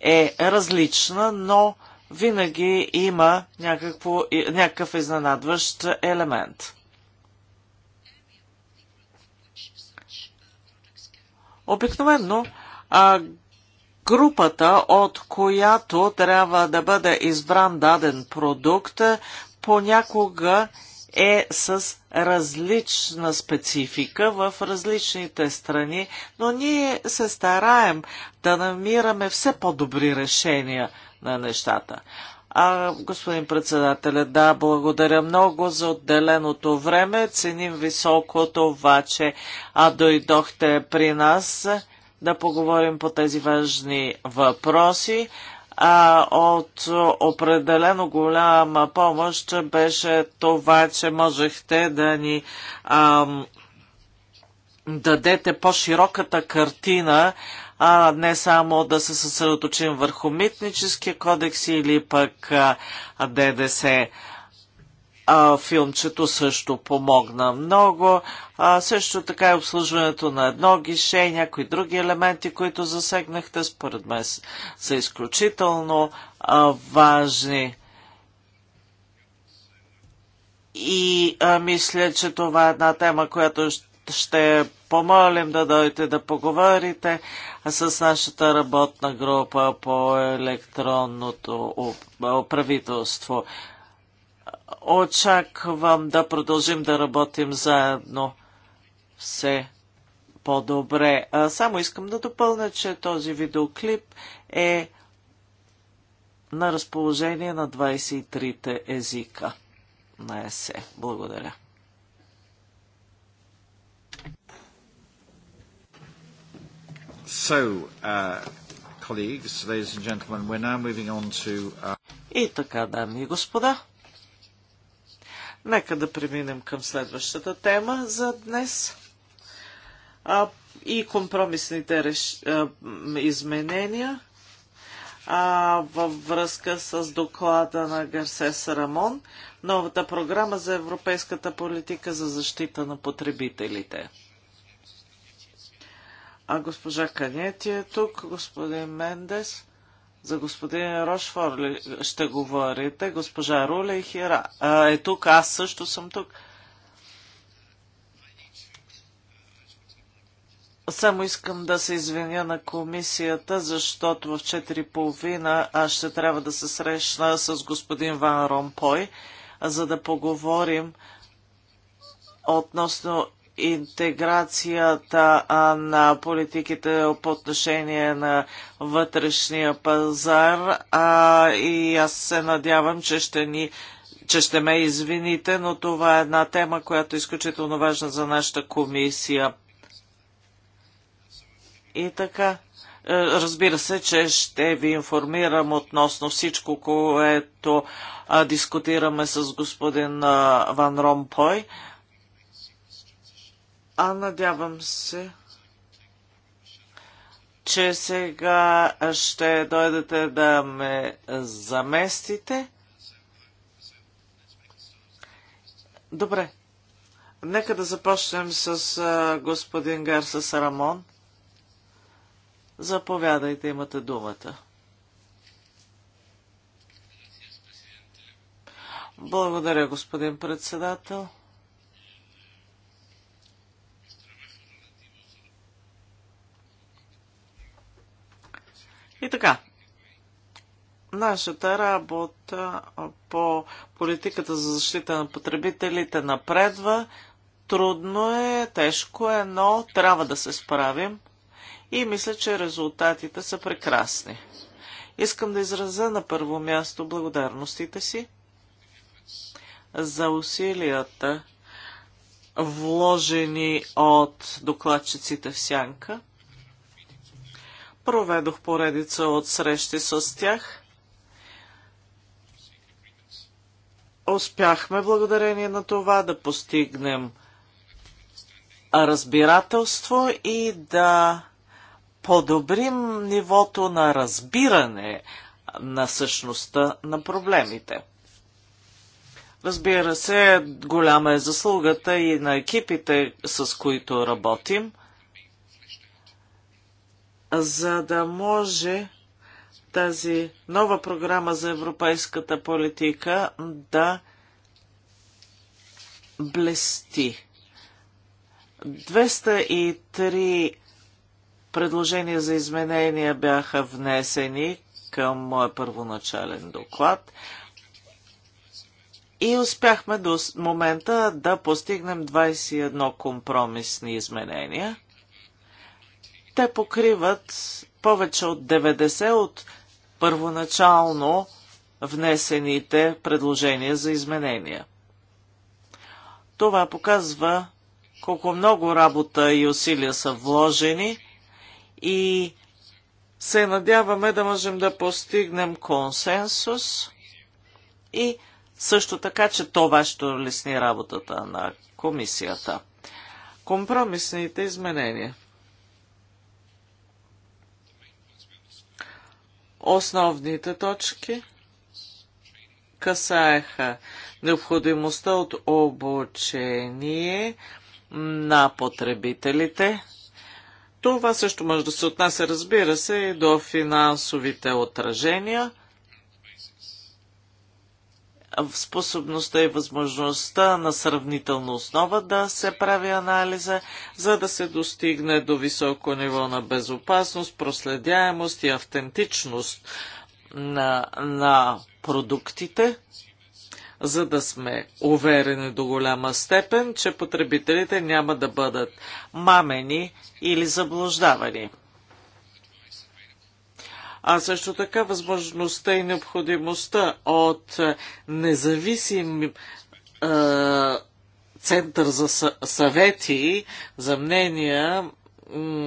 е различна, но а, винаги има някакво, някакъв изненадващ елемент. Обикновено а, групата, от която трябва да бъде избран даден продукт, понякога е с различна специфика в различните страни, но ние се стараем да намираме все по-добри решения на нещата. А, господин председателя, да, благодаря много за отделеното време. Ценим високо това, че а, дойдохте при нас да поговорим по тези важни въпроси. А, от определено голяма помощ беше това, че можехте да ни ам, дадете по-широката картина а не само да се съсредоточим върху митническия кодекс или пък ДДС. филмчето също помогна много. А, също така и е обслужването на едно гише, някои други елементи, които засегнахте, според мен са изключително а, важни. И а, мисля, че това е една тема, която ще ще помолим да дойдете да поговорите с нашата работна група по електронното правителство. Очаквам да продължим да работим заедно все по-добре. Само искам да допълня, че този видеоклип е на разположение на 23-те езика на ЕСЕ. Благодаря. So, uh, colleagues, ladies and gentlemen, we're now moving on to... Uh... И така, дами и господа, нека да преминем към следващата тема за днес. А, и компромисните реш... а, изменения а, във връзка с доклада на Гарсес Рамон, новата програма за европейската политика за защита на потребителите. А госпожа Канети е тук, господин Мендес. За господин Рошфор ли ще говорите? Госпожа Руле и е Хира а, е тук, аз също съм тук. Само искам да се извиня на комисията, защото в 4.30 аз ще трябва да се срещна с господин Ван Ромпой, за да поговорим относно интеграцията на политиките по отношение на вътрешния пазар а, и аз се надявам, че ще ни че ще ме извините, но това е една тема, която е изключително важна за нашата комисия. И така, е, разбира се, че ще ви информирам относно всичко, което дискутираме с господин Ван Ромпой. А надявам се, че сега ще дойдете да ме заместите. Добре. Нека да започнем с господин Гарса Рамон. Заповядайте, имате думата. Благодаря, господин председател. И така, нашата работа по политиката за защита на потребителите напредва. Трудно е, тежко е, но трябва да се справим и мисля, че резултатите са прекрасни. Искам да изразя на първо място благодарностите си за усилията, вложени от докладчиците в сянка – Проведох поредица от срещи с тях. Успяхме благодарение на това да постигнем разбирателство и да подобрим нивото на разбиране на същността на проблемите. Разбира се, голяма е заслугата и на екипите, с които работим – за да може тази нова програма за европейската политика да блести. 203 предложения за изменения бяха внесени към моя първоначален доклад и успяхме до момента да постигнем 21 компромисни изменения. Те покриват повече от 90 от първоначално внесените предложения за изменения. Това показва колко много работа и усилия са вложени и се надяваме да можем да постигнем консенсус и също така, че това ще лесни работата на комисията. Компромисните изменения. Основните точки касаеха необходимостта от обучение на потребителите. Това също може да се отнася, разбира се, и до финансовите отражения – способността и възможността на сравнителна основа да се прави анализа, за да се достигне до високо ниво на безопасност, проследяемост и автентичност на, на продуктите, за да сме уверени до голяма степен, че потребителите няма да бъдат мамени или заблуждавани а също така възможността и необходимостта от е, независим е, център за съвети, за мнения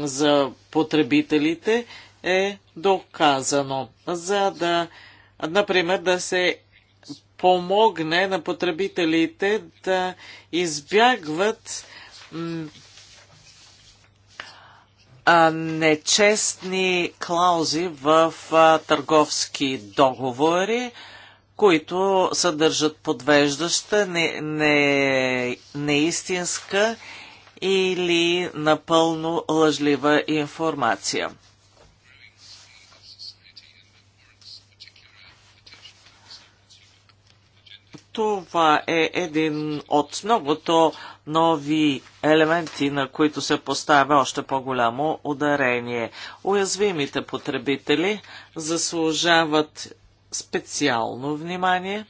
за потребителите е доказано, за да, например, да се помогне на потребителите да избягват нечестни клаузи в търговски договори, които съдържат подвеждаща, не, не, неистинска или напълно лъжлива информация. Това е един от многото нови елементи, на които се поставя още по-голямо ударение. Уязвимите потребители заслужават специално внимание,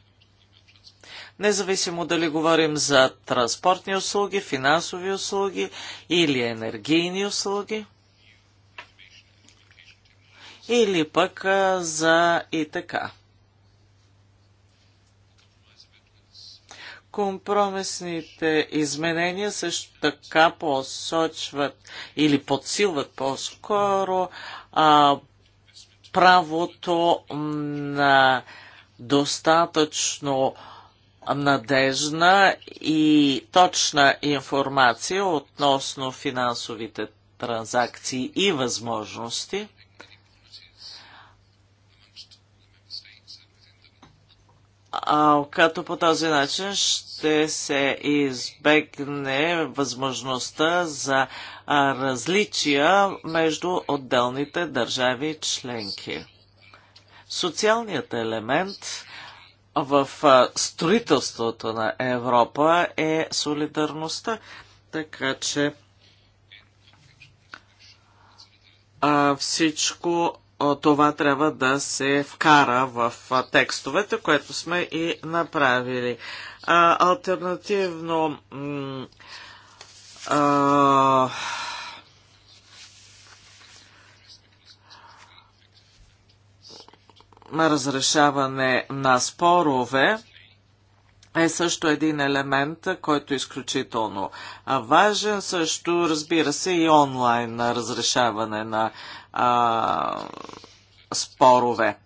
независимо дали говорим за транспортни услуги, финансови услуги или енергийни услуги или пък за и така. Компромисните изменения също така посочват или подсилват по-скоро правото на достатъчно надежна и точна информация относно финансовите транзакции и възможности. а, като по този начин ще се избегне възможността за а, различия между отделните държави членки. Социалният елемент в а, строителството на Европа е солидарността, така че а, всичко това трябва да се вкара в текстовете, което сме и направили. альтернативно а, разрешаване на спорове е също един елемент, който е изключително важен. Също, разбира се, и онлайн разрешаване на а, спорове.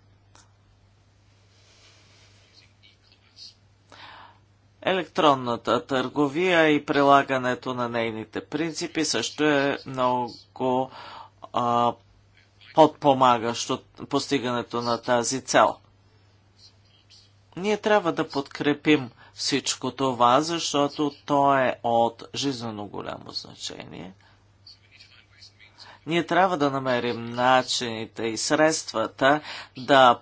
Електронната търговия и прилагането на нейните принципи също е много а, подпомагащо постигането на тази цел. Ние трябва да подкрепим всичко това, защото то е от жизненно голямо значение. Ние трябва да намерим начините и средствата да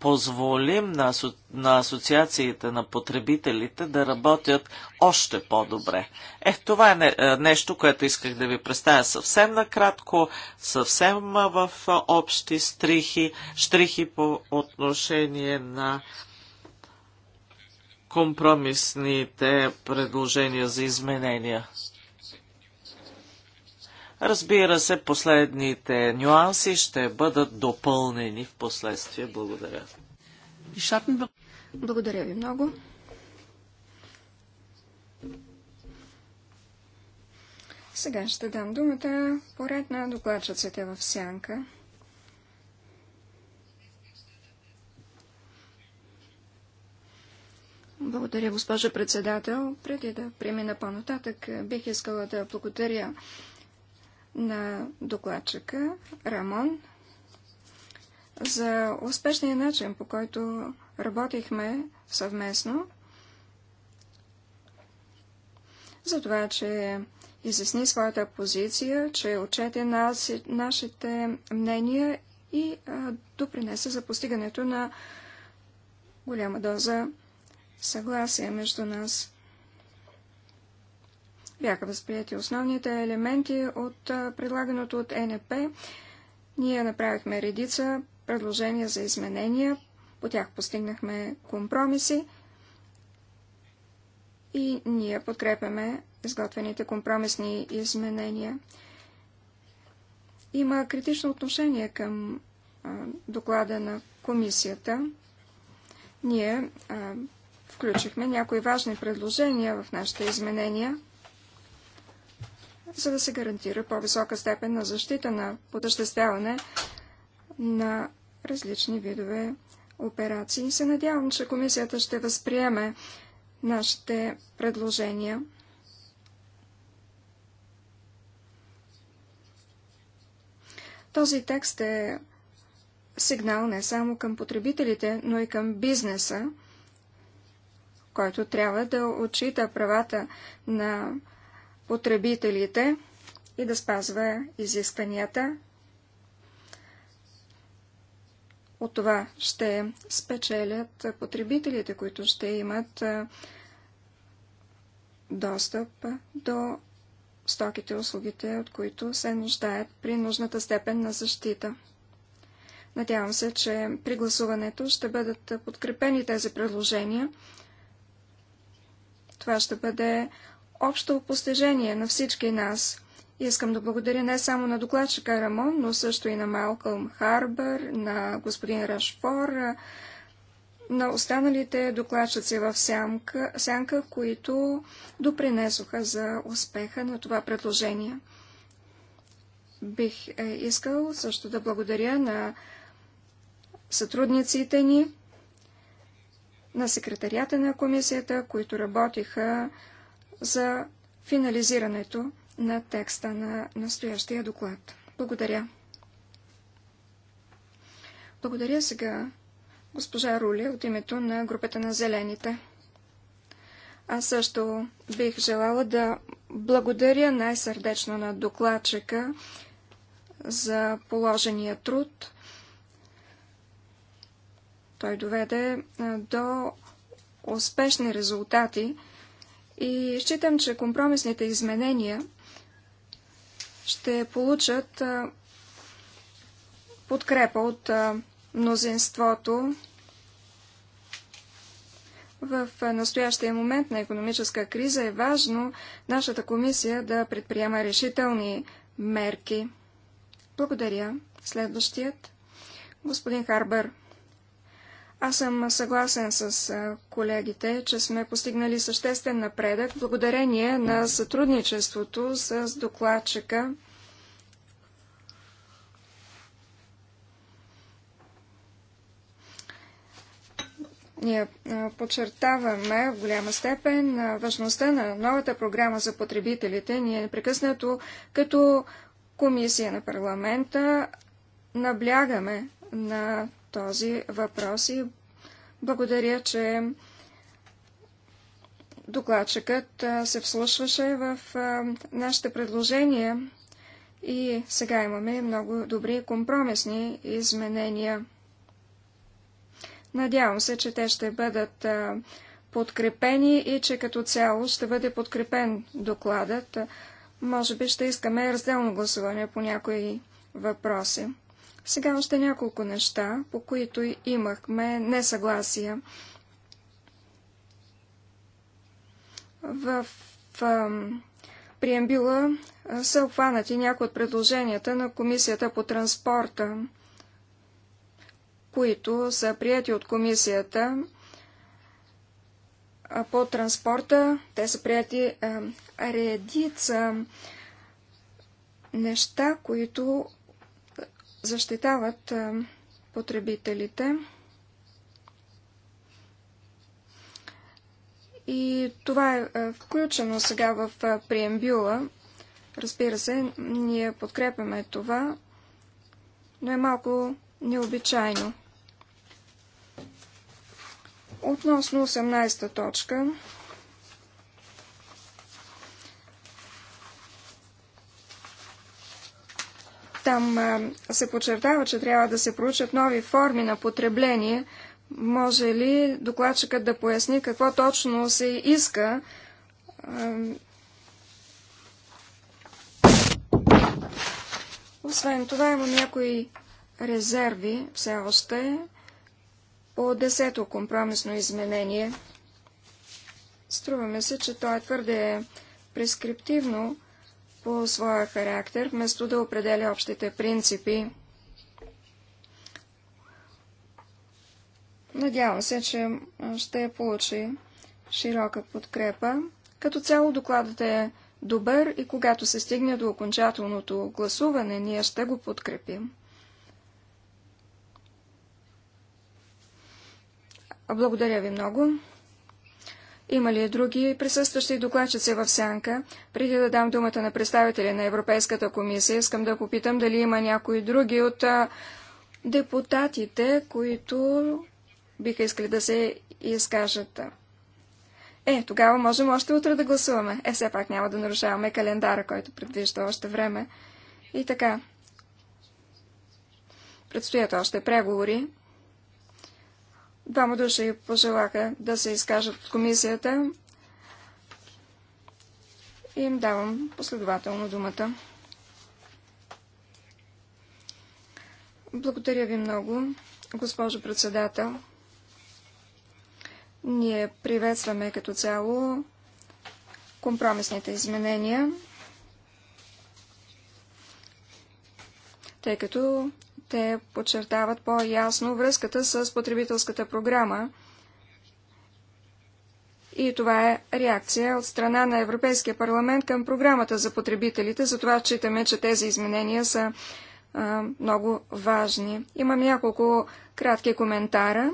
позволим на, асо... на асоциациите на потребителите да работят още по-добре. Е, това е нещо, което исках да ви представя съвсем накратко, съвсем в общи стрихи, штрихи по отношение на компромисните предложения за изменения. Разбира се, последните нюанси ще бъдат допълнени в последствие. Благодаря. Благодаря ви много. Сега ще дам думата поред на докладчиците в сянка. Благодаря, госпожа председател. Преди да премина по-нататък, бих искала да благодаря на докладчика Рамон за успешния начин, по който работихме съвместно, за това, че изясни своята позиция, че отчете нашите мнения и а, допринесе за постигането на голяма доза съгласие между нас. Бяха възприяти основните елементи от предлаганото от НП. Ние направихме редица предложения за изменения, по тях постигнахме компромиси и ние подкрепяме изготвените компромисни изменения. Има критично отношение към а, доклада на комисията. Ние а, включихме някои важни предложения в нашите изменения за да се гарантира по-висока степен на защита на подъждествяване на различни видове операции. се надявам, че комисията ще възприеме нашите предложения. Този текст е сигнал не само към потребителите, но и към бизнеса, който трябва да отчита правата на потребителите и да спазва изискванията. От това ще спечелят потребителите, които ще имат достъп до стоките и услугите, от които се нуждаят при нужната степен на защита. Надявам се, че при гласуването ще бъдат подкрепени тези предложения. Това ще бъде общо постижение на всички нас. Искам да благодаря не само на докладчика Рамон, но също и на Малкълм Харбър, на господин Рашфор, на останалите докладчици в сянка, сянка, които допринесоха за успеха на това предложение. Бих е, искал също да благодаря на сътрудниците ни, на секретарията на комисията, които работиха за финализирането на текста на настоящия доклад. Благодаря. Благодаря сега госпожа Рули от името на групата на зелените. Аз също бих желала да благодаря най-сърдечно на докладчика за положения труд. Той доведе до успешни резултати и считам, че компромисните изменения ще получат подкрепа от мнозинството в настоящия момент на економическа криза е важно нашата комисия да предприема решителни мерки. Благодаря. Следващият. Господин Харбър. Аз съм съгласен с колегите, че сме постигнали съществен напредък благодарение на сътрудничеството с докладчика. Ние подчертаваме в голяма степен важността на новата програма за потребителите. Ние непрекъснато като комисия на парламента наблягаме на този въпрос и благодаря, че докладчикът се вслушваше в нашите предложения и сега имаме много добри компромисни изменения. Надявам се, че те ще бъдат подкрепени и че като цяло ще бъде подкрепен докладът. Може би ще искаме разделно гласуване по някои въпроси. Сега още няколко неща, по които имахме несъгласия. В в приембила са обхванати някои от предложенията на Комисията по транспорта, които са прияти от Комисията по транспорта. Те са прияти редица неща, които защитават потребителите. И това е включено сега в преембюла. Разбира се, ние подкрепяме това, но е малко необичайно. Относно 18-та точка, Там се подчертава, че трябва да се проучат нови форми на потребление. Може ли докладчикът да поясни какво точно се иска? Освен това имам някои резерви все още по десето компромисно изменение. Струваме се, че то е твърде прескриптивно по своя характер, вместо да определя общите принципи. Надявам се, че ще получи широка подкрепа. Като цяло докладът е добър и когато се стигне до окончателното гласуване, ние ще го подкрепим. Благодаря ви много. Има ли други присъстващи докладчици в сянка? Преди да дам думата на представители на Европейската комисия, искам да попитам дали има някои други от депутатите, които биха искали да се изкажат. Е, тогава можем още утре да гласуваме. Е, все пак няма да нарушаваме календара, който предвижда още време. И така. Предстоят още преговори. Двама души пожелаха да се изкажат от комисията. И им давам последователно думата. Благодаря ви много, госпожо председател. Ние приветстваме като цяло компромисните изменения, тъй като те подчертават по-ясно връзката с потребителската програма. И това е реакция от страна на Европейския парламент към програмата за потребителите. Затова считаме, че тези изменения са а, много важни. Имам няколко кратки коментара.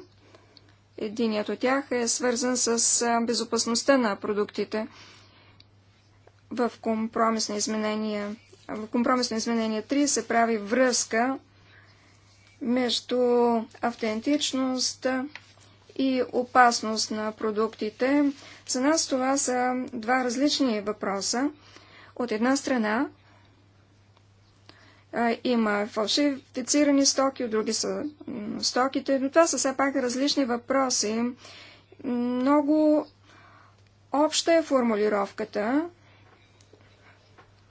Единият от тях е свързан с безопасността на продуктите. В компромисно изменение, в компромисно изменение 3 се прави връзка между автентичност и опасност на продуктите. За нас това са два различни въпроса. От една страна има фалшифицирани стоки, от други са стоките, но това са все пак различни въпроси. Много обща е формулировката,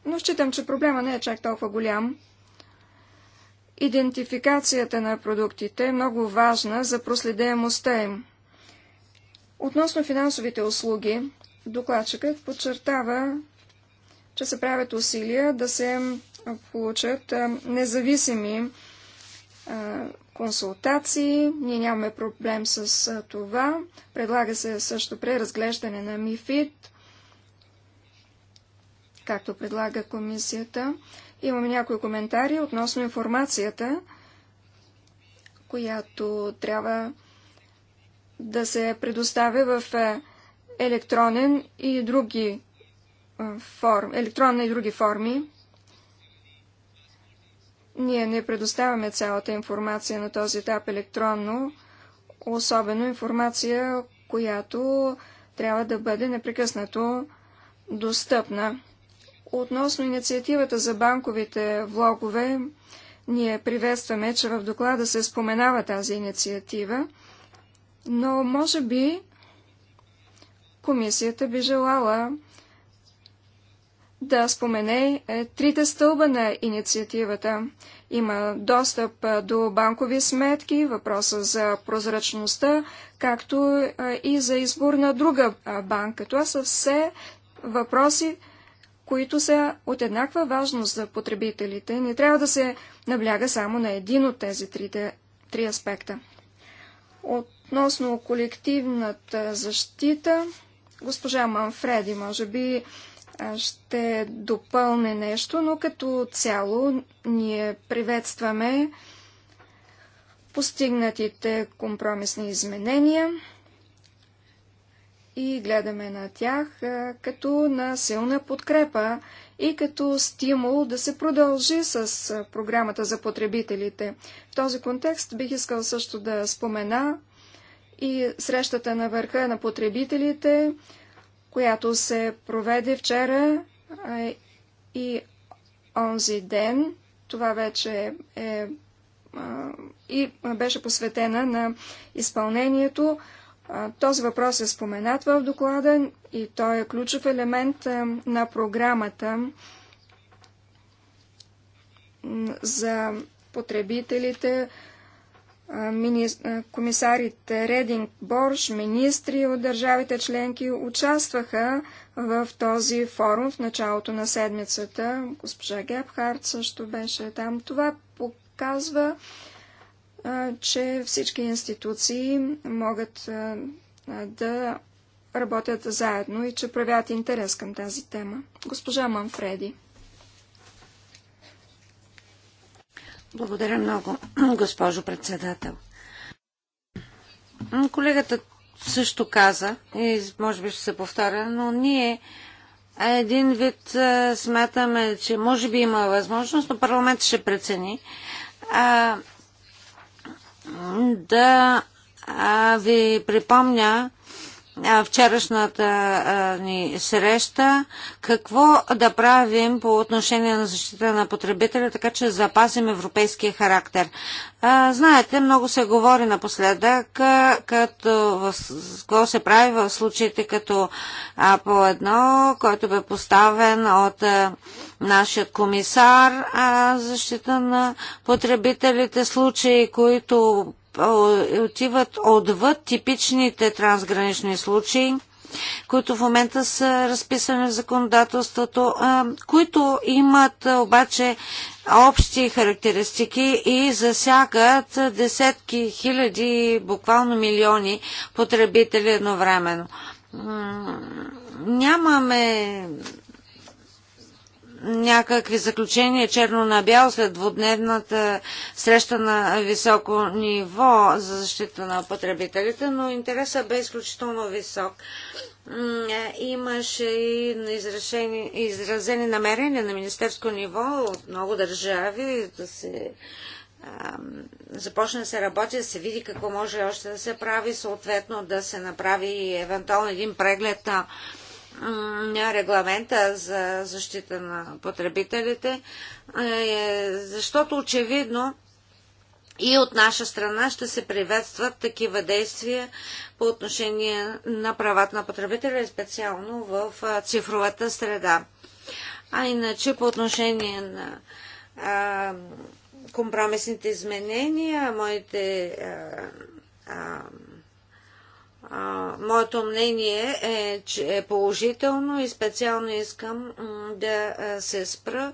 но считам, че проблема не е чак толкова голям. Идентификацията на продуктите е много важна за проследяемостта им. Относно финансовите услуги, докладчикът подчертава, че се правят усилия да се получат независими консултации. Ние нямаме проблем с това. Предлага се също преразглеждане на МИФИД, както предлага комисията. Имаме някои коментари относно информацията, която трябва да се предоставя в е, електронен и други е, форм, електронна и други форми. Ние не предоставяме цялата информация на този етап електронно, особено информация, която трябва да бъде непрекъснато достъпна. Относно инициативата за банковите влогове, ние приветстваме, че в доклада се споменава тази инициатива, но може би комисията би желала да спомене е, трите стълба на инициативата. Има достъп е, до банкови сметки, въпроса за прозрачността, както е, и за избор на друга е, банка. Това са все въпроси, които са от еднаква важност за потребителите. Не трябва да се набляга само на един от тези трите, три аспекта. Относно колективната защита, госпожа Манфреди може би ще допълне нещо, но като цяло ние приветстваме постигнатите компромисни изменения и гледаме на тях като на силна подкрепа и като стимул да се продължи с програмата за потребителите. В този контекст бих искал също да спомена и срещата на върха на потребителите, която се проведе вчера и онзи ден. Това вече е и беше посветена на изпълнението този въпрос е споменат в доклада и той е ключов елемент на програмата за потребителите, комисарите Рединг Борш, министри от държавите членки участваха в този форум в началото на седмицата. Госпожа Гебхард също беше там. Това показва, че всички институции могат да работят заедно и че правят интерес към тази тема. Госпожа Манфреди. Благодаря много, госпожо председател. Колегата също каза, и може би ще се повторя, но ние един вид смятаме, че може би има възможност, но парламент ще прецени да ви припомня вчерашната ни среща, какво да правим по отношение на защита на потребителя, така че запазим европейския характер. Знаете, много се говори напоследък, като какво се прави в случаите като по едно, който бе поставен от нашия комисар а, защита на потребителите, случаи, които отиват отвъд типичните трансгранични случаи, които в момента са разписани в законодателството, които имат обаче общи характеристики и засягат десетки хиляди, буквално милиони потребители едновременно. Нямаме някакви заключения черно на бяло след двудневната среща на високо ниво за защита на потребителите, но интересът бе изключително висок. Е, имаше и изразени намерения на министерско ниво от много държави да се започне да се работи, да се види какво може още да се прави, съответно да се направи евентуално един преглед на регламента за защита на потребителите, е, защото очевидно и от наша страна ще се приветстват такива действия по отношение на правата на потребителя, специално в цифровата среда. А иначе по отношение на компромисните изменения, моите а, а, моето мнение е, че е положително и специално искам да се спра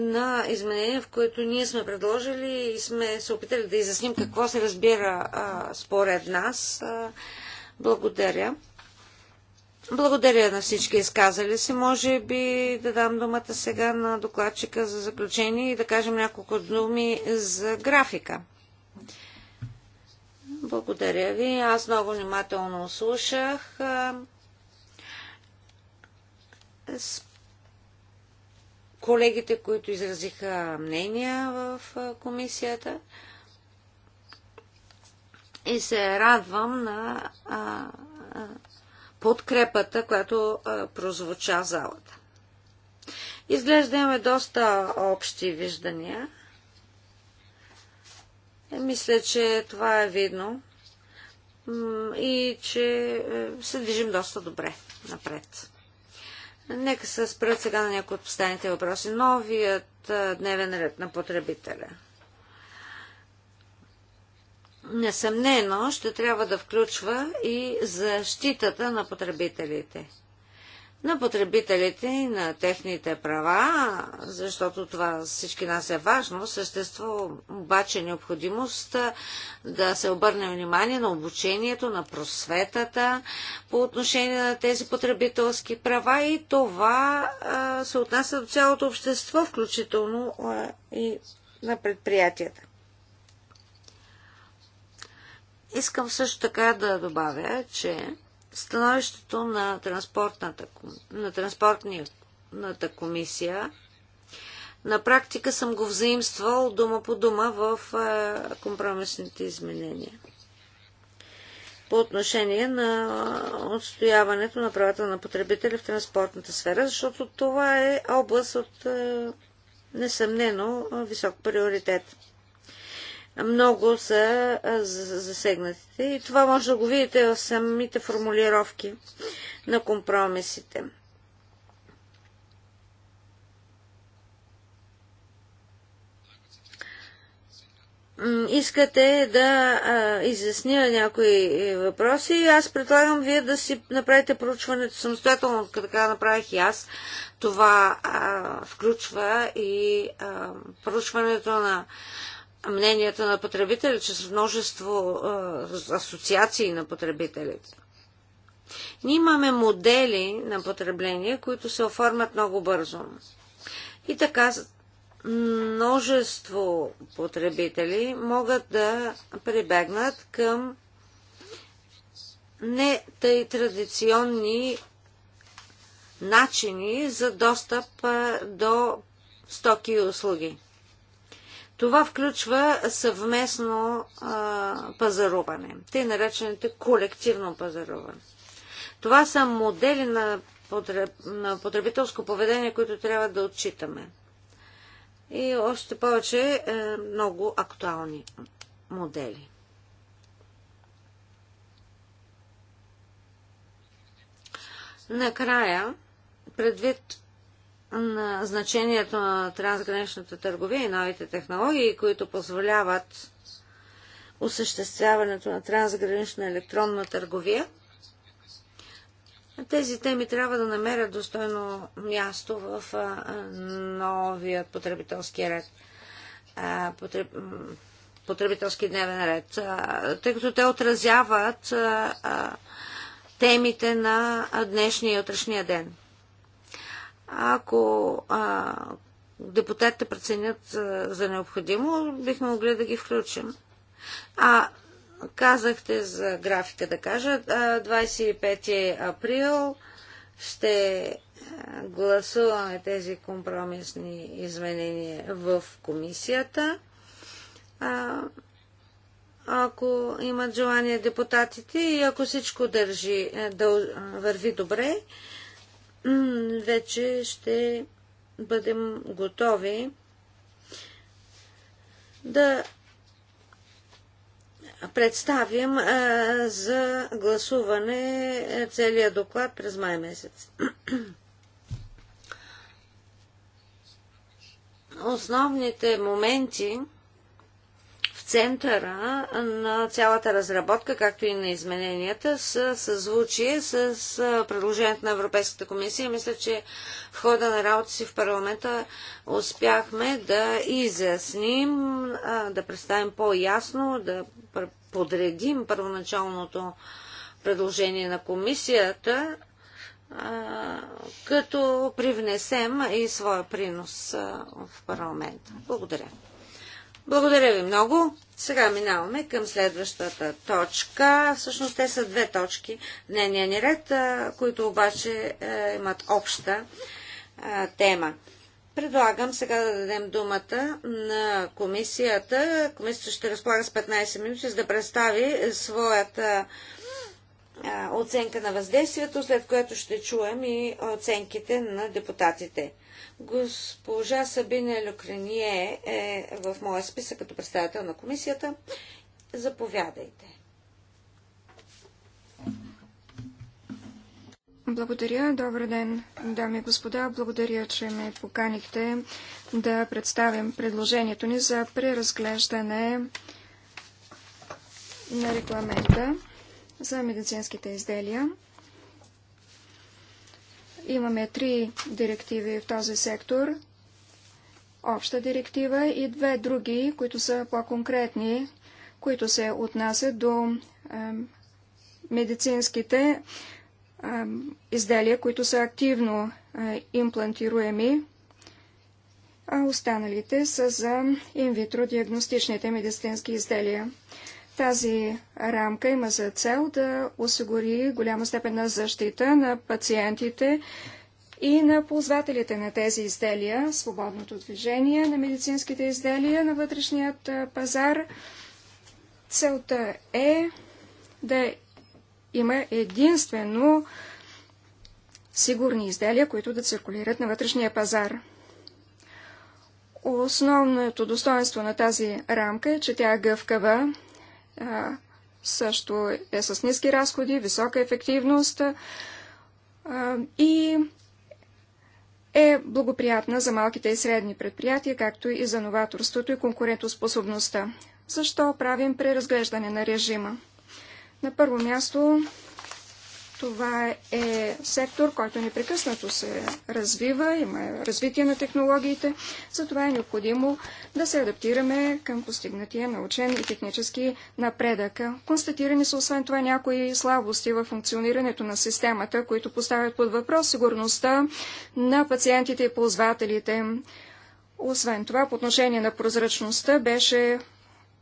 на изменения, в които ние сме предложили и сме се опитали да изясним какво се разбира според нас. благодаря. Благодаря на всички изказали се. Може би да дам думата сега на докладчика за заключение и да кажем няколко думи за графика. Благодаря ви. Аз много внимателно слушах. колегите, които изразиха мнения в комисията. И се радвам на подкрепата, която прозвуча залата. Изглежда имаме доста общи виждания. Мисля, че това е видно и че е, се движим доста добре напред. Нека се спрят сега на някои от последните въпроси. Новият е, дневен ред на потребителя. Несъмнено ще трябва да включва и защитата на потребителите – на потребителите и на техните права, защото това всички нас е важно. Същество обаче е необходимост да се обърне внимание на обучението, на просветата по отношение на тези потребителски права и това а, се отнася до цялото общество, включително а, и на предприятията. Искам също така да добавя, че Становището на, транспортната, на транспортната комисия на практика съм го взаимствал дума по дума в е, компромисните изменения по отношение на отстояването на правата на потребители в транспортната сфера, защото това е област от е, несъмнено е, висок приоритет. Много са засегнатите и това може да го видите в самите формулировки на компромисите. искате да а, изясня някои въпроси, и аз предлагам вие да си направите проучването самостоятелно, така направих и аз. Това а, включва и а, проучването на мнението на потребители чрез множество асоциации на потребителите. Ние имаме модели на потребление, които се оформят много бързо. И така множество потребители могат да прибегнат към не тъй традиционни начини за достъп до стоки и услуги. Това включва съвместно а, пазаруване, Те наречените колективно пазаруване. Това са модели на, потреб, на потребителско поведение, които трябва да отчитаме. И още повече е, много актуални модели. Накрая, предвид на значението на трансграничната търговия и новите технологии, които позволяват осъществяването на трансгранична електронна търговия. Тези теми трябва да намерят достойно място в новият потребителски ред. Потреб... Потребителски дневен ред, тъй като те отразяват темите на днешния и утрешния ден. Ако а, депутатите преценят а, за необходимо, бихме могли да ги включим. А казахте за графика да кажа. 25 април ще гласуваме тези компромисни изменения в комисията. А, ако имат желание депутатите и ако всичко държи е, да върви добре, вече ще бъдем готови да представим за гласуване целия доклад през май месец. Основните моменти центъра на цялата разработка, както и на измененията, са съзвучие с предложението на Европейската комисия. Мисля, че в хода на работа си в парламента успяхме да изясним, да представим по-ясно, да подредим първоначалното предложение на комисията, като привнесем и своя принос в парламента. Благодаря. Благодаря ви много. Сега минаваме към следващата точка. Всъщност те са две точки в дневния ни ред, които обаче е, имат обща тема. Предлагам сега да дадем думата на комисията. Комисията ще разполага с 15 минути, за да представи своята оценка на въздействието, след което ще чуем и оценките на депутатите. Госпожа Сабина Люкрение е в моя списък като представител на комисията. Заповядайте. Благодаря. Добър ден, дами и господа. Благодаря, че ме поканихте да представим предложението ни за преразглеждане на регламента за медицинските изделия. Имаме три директиви в този сектор. Обща директива и две други, които са по-конкретни, които се отнасят до е, медицинските е, изделия, които са активно е, имплантируеми, а останалите са за инвитро диагностичните медицински изделия. Тази рамка има за цел да осигури голяма степен на защита на пациентите и на ползвателите на тези изделия, свободното движение на медицинските изделия на вътрешният пазар. Целта е да има единствено сигурни изделия, които да циркулират на вътрешния пазар. Основното достоинство на тази рамка е, че тя е гъвкава също е с ниски разходи, висока ефективност и е благоприятна за малките и средни предприятия, както и за новаторството и конкурентоспособността. Защо правим преразглеждане на режима? На първо място това е сектор, който непрекъснато се развива, има развитие на технологиите, затова е необходимо да се адаптираме към постигнатия научен и технически напредък. Констатирани са освен това някои слабости в функционирането на системата, които поставят под въпрос сигурността на пациентите и ползвателите. Освен това, по отношение на прозрачността беше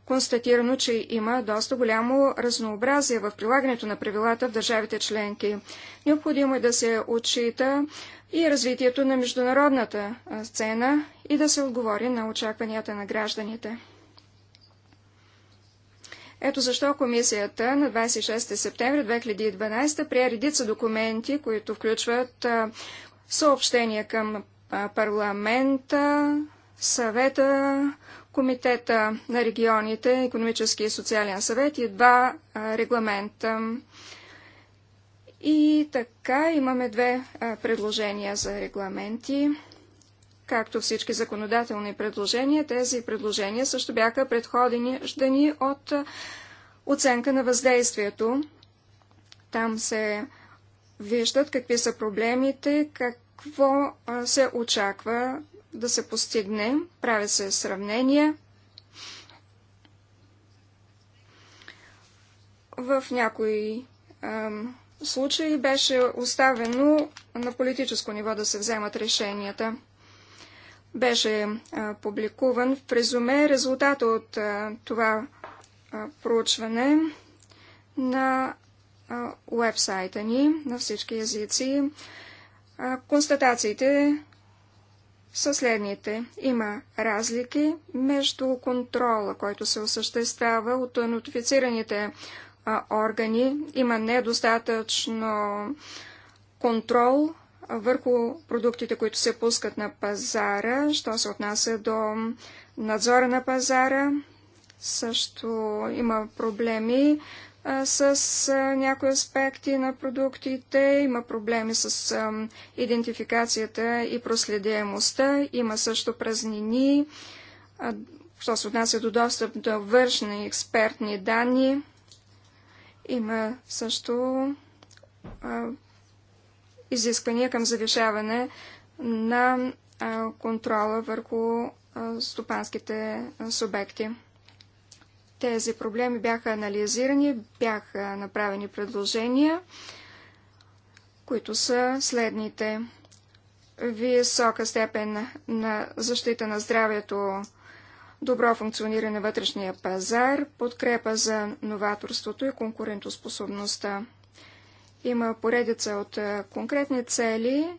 констатирано, че има доста голямо разнообразие в прилагането на правилата в държавите членки. Необходимо е да се отчита и развитието на международната сцена и да се отговори на очакванията на гражданите. Ето защо комисията на 26 септември 2012 прие редица документи, които включват съобщения към парламента, съвета, Комитета на регионите, Економически и социален съвет и два регламента. И така имаме две предложения за регламенти. Както всички законодателни предложения, тези предложения също бяха предходени от оценка на въздействието. Там се виждат какви са проблемите, какво се очаква да се постигне. Прави се сравнение. В някои ам, случаи беше оставено на политическо ниво да се вземат решенията. Беше е, публикуван в презуме резултата от е, това е, проучване на уебсайта ни на всички езици. Констатациите са следните. Има разлики между контрола, който се осъществява от нотифицираните а, органи. Има недостатъчно контрол върху продуктите, които се пускат на пазара, що се отнася до надзора на пазара. Също има проблеми с някои аспекти на продуктите, има проблеми с идентификацията и проследяемостта, има също празнини, що се отнася до достъп до вършни експертни данни, има също изисквания към завишаване на контрола върху стопанските субекти. Тези проблеми бяха анализирани, бяха направени предложения, които са следните. Висока степен на защита на здравето, добро функциониране на вътрешния пазар, подкрепа за новаторството и конкурентоспособността. Има поредица от конкретни цели,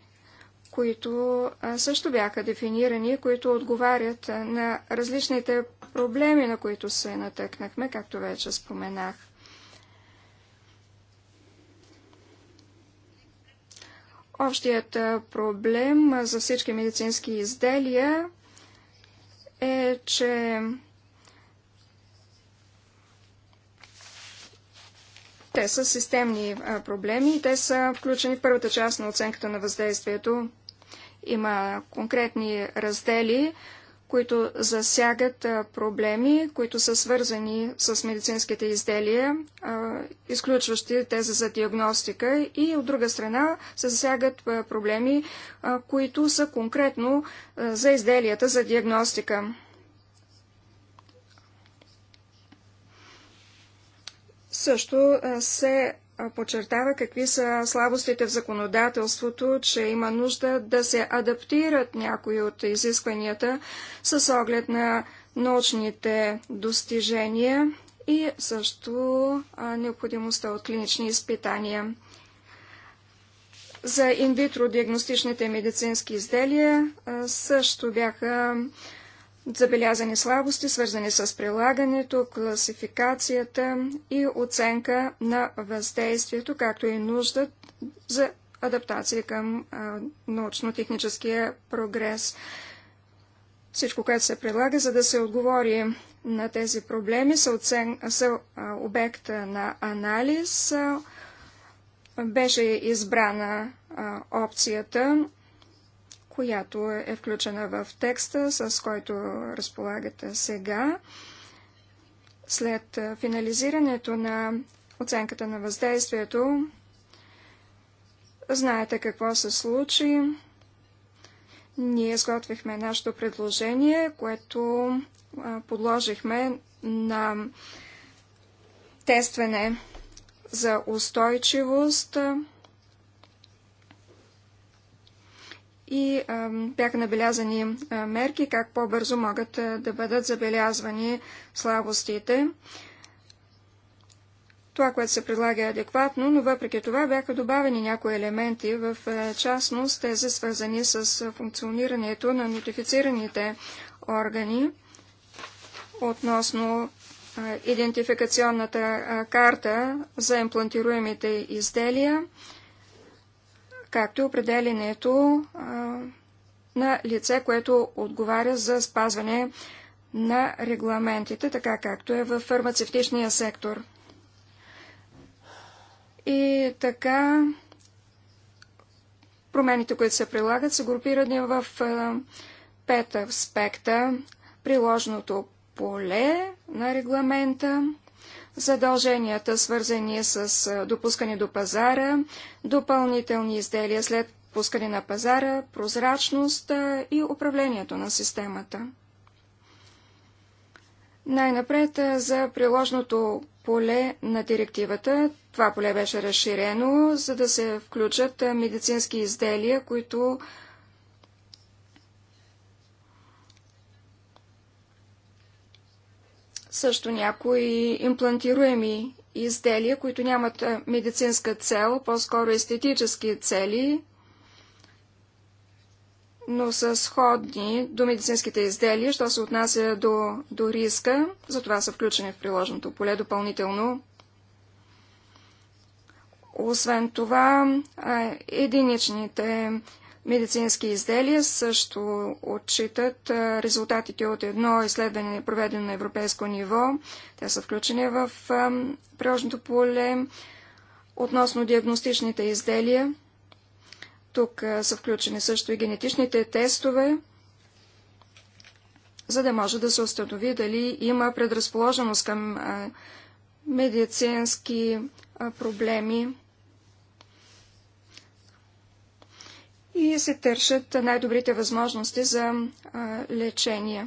които също бяха дефинирани, които отговарят на различните проблеми, на които се натъкнахме, както вече споменах. Общият проблем за всички медицински изделия е, че те са системни проблеми и те са включени в първата част на оценката на въздействието. Има конкретни раздели, които засягат проблеми, които са свързани с медицинските изделия, изключващи тези за диагностика и от друга страна се засягат проблеми, които са конкретно за изделията за диагностика. Също се подчертава какви са слабостите в законодателството, че има нужда да се адаптират някои от изискванията с оглед на научните достижения и също необходимостта от клинични изпитания. За инвитро диагностичните медицински изделия също бяха забелязани слабости, свързани с прилагането, класификацията и оценка на въздействието, както и нужда за адаптация към научно-техническия прогрес. Всичко, което се прилага, за да се отговори на тези проблеми, са, оцен... са обект на анализ. Беше избрана опцията която е включена в текста, с който разполагате сега. След финализирането на оценката на въздействието, знаете какво се случи. Ние изготвихме нашето предложение, което подложихме на тестване за устойчивост и а, бяха набелязани а, мерки, как по-бързо могат а, да бъдат забелязвани слабостите. Това, което се предлага е адекватно, но въпреки това бяха добавени някои елементи, в частност тези свързани с функционирането на нотифицираните органи относно идентификационната карта за имплантируемите изделия както и определенето на лице, което отговаря за спазване на регламентите, така както е в фармацевтичния сектор. И така промените, които се прилагат, са групирани в пет аспекта. Приложното поле на регламента, задълженията, свързани с допускане до пазара, допълнителни изделия след пускане на пазара, прозрачност и управлението на системата. Най-напред за приложното поле на директивата. Това поле беше разширено, за да се включат медицински изделия, които също някои имплантируеми изделия, които нямат медицинска цел, по-скоро естетически цели, но са сходни до медицинските изделия, що се отнася до, до риска. Затова са включени в приложеното поле допълнително. Освен това, единичните медицински изделия също отчитат резултатите от едно изследване, проведено на европейско ниво. Те са включени в приложното поле относно диагностичните изделия. Тук са включени също и генетичните тестове, за да може да се установи дали има предразположеност към медицински проблеми и се търсят най-добрите възможности за лечение.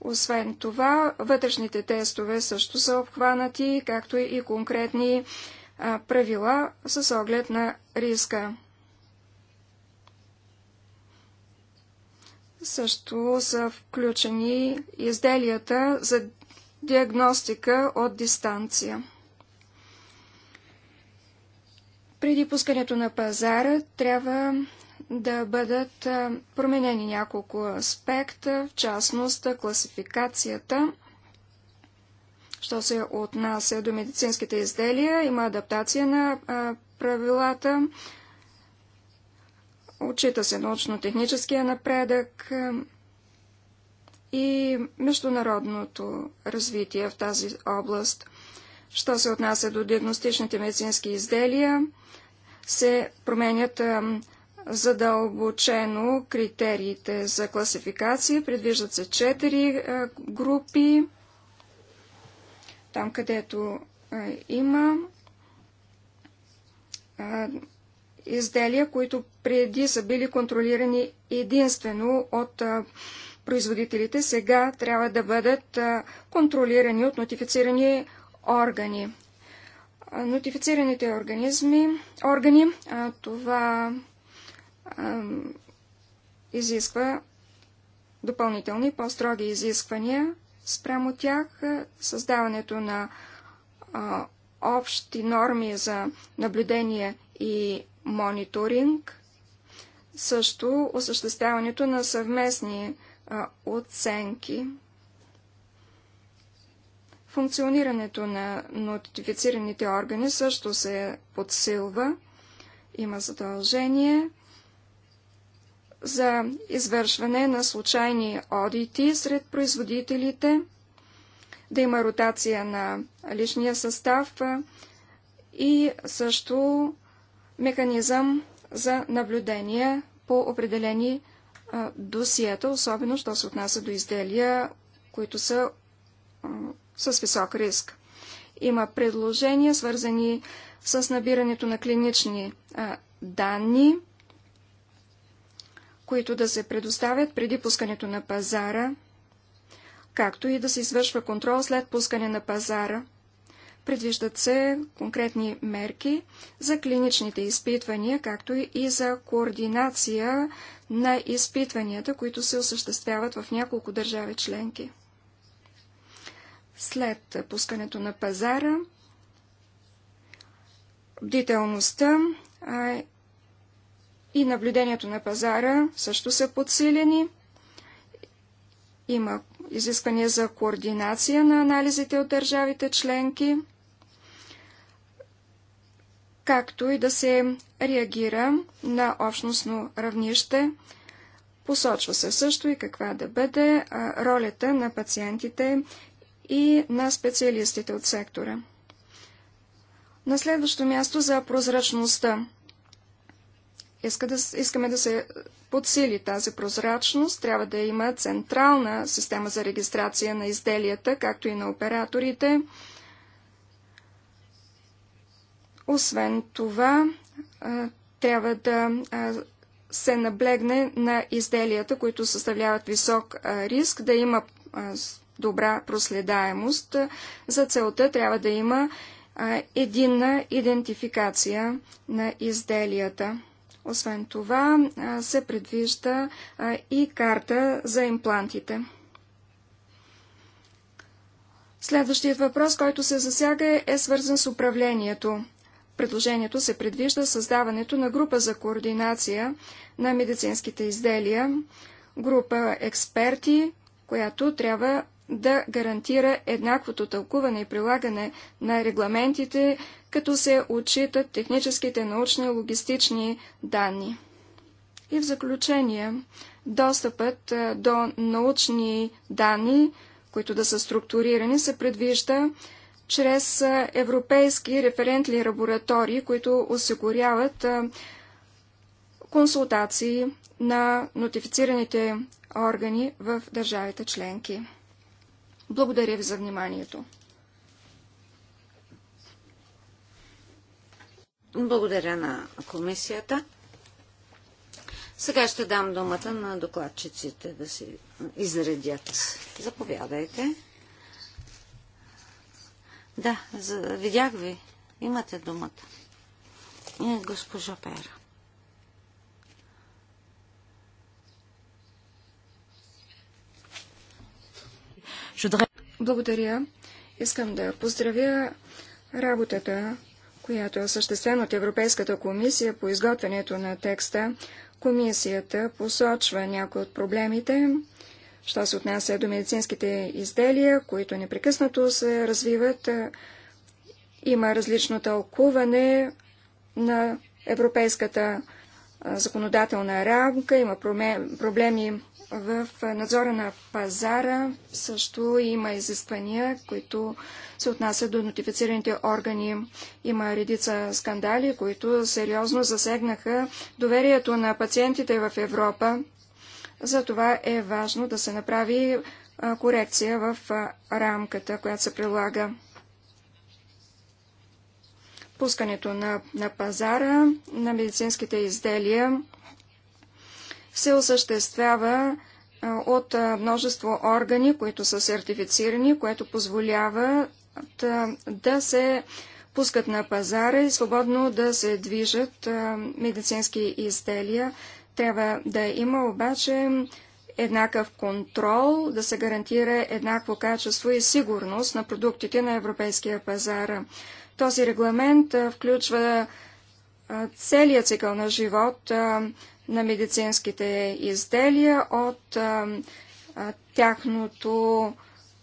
Освен това, вътрешните тестове също са обхванати, както и конкретни правила с оглед на риска. Също са включени изделията за диагностика от дистанция. Преди пускането на пазара трябва да бъдат променени няколко аспекта, в частност класификацията. Що се отнася до медицинските изделия, има адаптация на правилата, отчита се научно-техническия напредък и международното развитие в тази област. Що се отнася до диагностичните медицински изделия, се променят задълбочено критериите за класификация. Предвиждат се четири е, групи. Там, където е, има е, изделия, които преди са били контролирани единствено от производителите, сега трябва да бъдат контролирани от нотифицирани органи. Нотифицираните организми, органи, това изисква допълнителни, по-строги изисквания спрямо тях, създаването на а, общи норми за наблюдение и мониторинг, също осъществяването на съвместни а, оценки, функционирането на нотифицираните органи също се подсилва, има задължение за извършване на случайни одити сред производителите, да има ротация на личния състав и също механизъм за наблюдение по определени досиета, особено що се отнася до изделия, които са с висок риск. Има предложения, свързани с набирането на клинични а, данни, които да се предоставят преди пускането на пазара, както и да се извършва контрол след пускане на пазара. Предвиждат се конкретни мерки за клиничните изпитвания, както и за координация на изпитванията, които се осъществяват в няколко държави членки. След пускането на пазара, бдителността и наблюдението на пазара също са подсилени. Има изисквания за координация на анализите от държавите членки, както и да се реагира на общностно равнище. Посочва се също и каква да бъде ролята на пациентите и на специалистите от сектора. На следващо място за прозрачността. Иска да, искаме да се подсили тази прозрачност. Трябва да има централна система за регистрация на изделията, както и на операторите. Освен това, трябва да се наблегне на изделията, които съставляват висок риск, да има добра проследаемост. За целта трябва да има единна идентификация на изделията. Освен това се предвижда и карта за имплантите. Следващият въпрос, който се засяга, е свързан с управлението. Предложението се предвижда създаването на група за координация на медицинските изделия, група експерти, която трябва да гарантира еднаквото тълкуване и прилагане на регламентите, като се отчитат техническите, научни и логистични данни. И в заключение, достъпът до научни данни, които да са структурирани, се предвижда чрез европейски референтни лаборатории, които осигуряват консултации на нотифицираните органи в държавите членки. Благодаря ви за вниманието. Благодаря на комисията. Сега ще дам думата на докладчиците да се изредят. Заповядайте. Да, видях ви. Имате думата. И госпожа Пера. Благодаря. Искам да поздравя работата, която е осъществена от Европейската комисия по изготвянето на текста. Комисията посочва някои от проблемите, що се отнася до медицинските изделия, които непрекъснато се развиват. Има различно тълкуване на европейската законодателна рамка, има проблеми в надзора на пазара също има изисквания, които се отнасят до нотифицираните органи. Има редица скандали, които сериозно засегнаха доверието на пациентите в Европа. Затова е важно да се направи корекция в рамката, която се прилага. Пускането на, на пазара на медицинските изделия се осъществява от множество органи, които са сертифицирани, което позволява да се пускат на пазара и свободно да се движат медицински изделия. Трябва да има обаче еднакъв контрол, да се гарантира еднакво качество и сигурност на продуктите на европейския пазар. Този регламент включва целият цикъл на живот на медицинските изделия от а, а, тяхното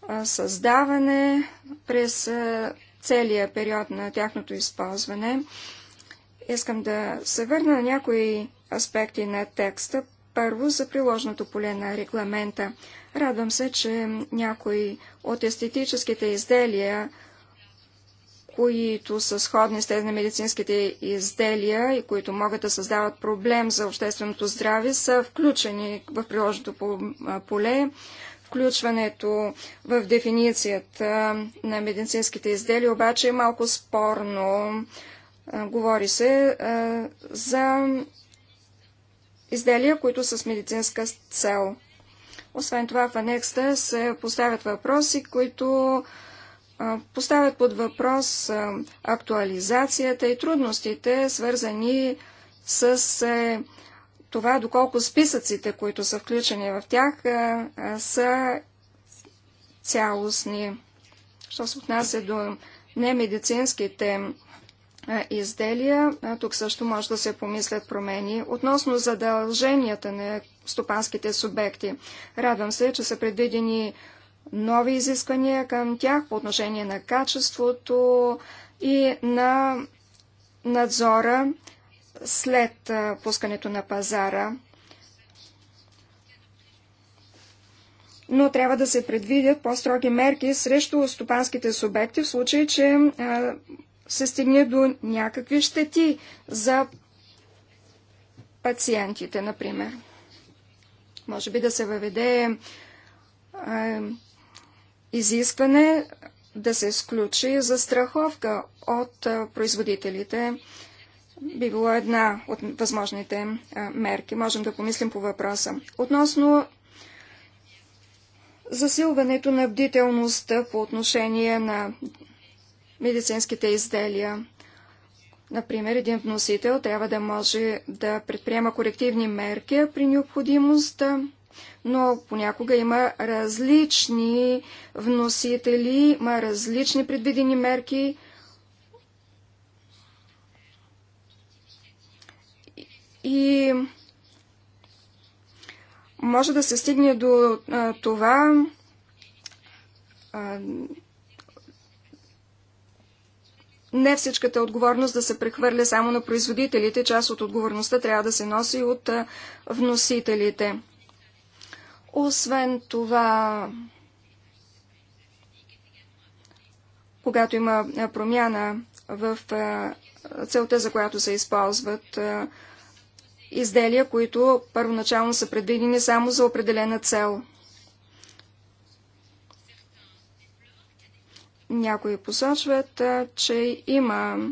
а, създаване през а, целия период на тяхното използване. Искам да се върна на някои аспекти на текста. Първо за приложното поле на регламента. Радвам се, че някои от естетическите изделия които са сходни с тези на медицинските изделия и които могат да създават проблем за общественото здраве, са включени в приложното поле. Включването в дефиницията на медицинските изделия обаче е малко спорно. Говори се за изделия, които са с медицинска цел. Освен това в анекста се поставят въпроси, които поставят под въпрос актуализацията и трудностите, свързани с е, това, доколко списъците, които са включени в тях, е, е, са цялостни. Що се отнася до немедицинските изделия, тук също може да се помислят промени. Относно задълженията на стопанските субекти, радвам се, че са предвидени нови изисквания към тях по отношение на качеството и на надзора след пускането на пазара. Но трябва да се предвидят по-строги мерки срещу стопанските субекти в случай, че се стигне до някакви щети за пациентите, например. Може би да се въведе изискване да се изключи застраховка от производителите би било една от възможните мерки. Можем да помислим по въпроса. Относно засилването на бдителността по отношение на медицинските изделия. Например, един вносител трябва да може да предприема корективни мерки при необходимост, но понякога има различни вносители, има различни предвидени мерки. И може да се стигне до а, това а, не всичката отговорност да се прехвърля само на производителите, част от отговорността трябва да се носи от а, вносителите. Освен това, когато има промяна в целта, за която се използват изделия, които първоначално са предвидени само за определена цел. Някои посочват, че има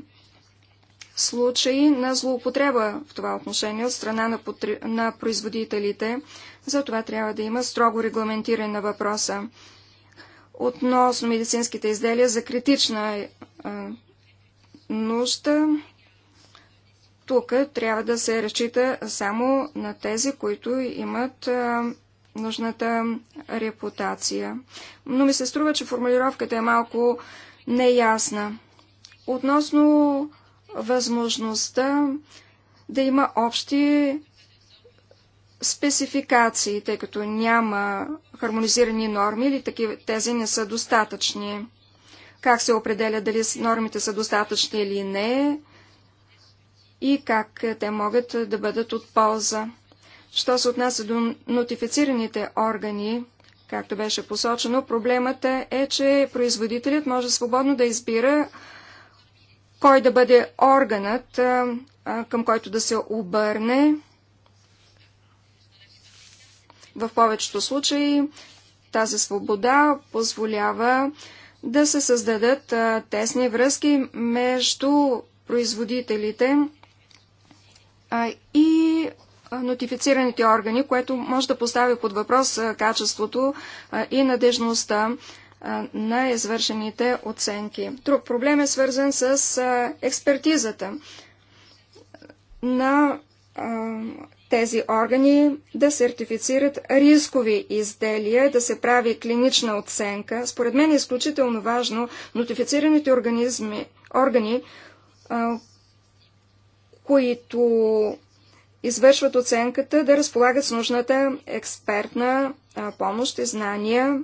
случаи на злоупотреба в това отношение от страна на, потри... на производителите. Затова трябва да има строго регламентиране на въпроса. Относно медицинските изделия за критична е, а, нужда, тук трябва да се разчита само на тези, които имат а, нужната репутация. Но ми се струва, че формулировката е малко неясна. Относно възможността да има общи спецификации, тъй като няма хармонизирани норми или такива, тези не са достатъчни. Как се определя дали нормите са достатъчни или не и как те могат да бъдат от полза. Що се отнася до нотифицираните органи, както беше посочено, проблемът е, че производителят може свободно да избира кой да бъде органът, към който да се обърне. В повечето случаи тази свобода позволява да се създадат тесни връзки между производителите и нотифицираните органи, което може да постави под въпрос качеството и надежността на извършените оценки. Друг проблем е свързан с експертизата на тези органи да сертифицират рискови изделия, да се прави клинична оценка. Според мен е изключително важно нотифицираните организми, органи, които извършват оценката, да разполагат с нужната експертна помощ и знания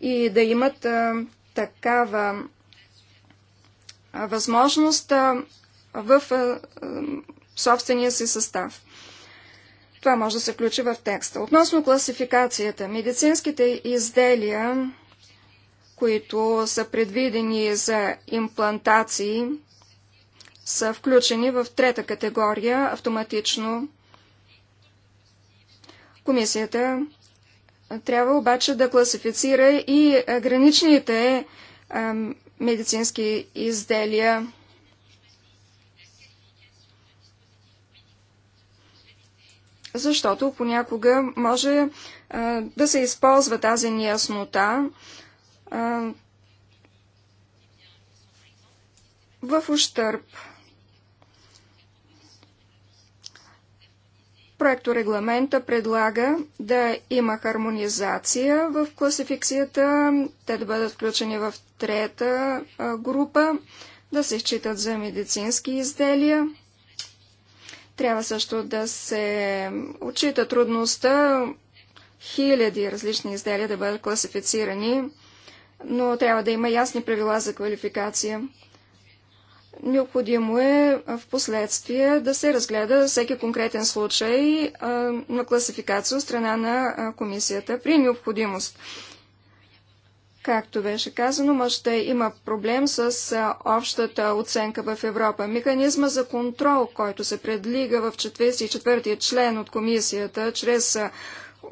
и да имат а, такава а, възможност а, в а, а, собствения си състав. Това може да се включи в текста. Относно класификацията, медицинските изделия, които са предвидени за имплантации, са включени в трета категория автоматично. Комисията трябва обаче да класифицира и граничните медицински изделия. Защото понякога може да се използва тази неяснота в ущърп Проекторегламента предлага да има хармонизация в класификацията, те да бъдат включени в трета група, да се считат за медицински изделия. Трябва също да се отчита трудността хиляди различни изделия да бъдат класифицирани, но трябва да има ясни правила за квалификация. Необходимо е в последствие да се разгледа всеки конкретен случай на класификация от страна на комисията при необходимост. Както беше казано, може да има проблем с общата оценка в Европа. Механизма за контрол, който се предлига в 44-я член от комисията чрез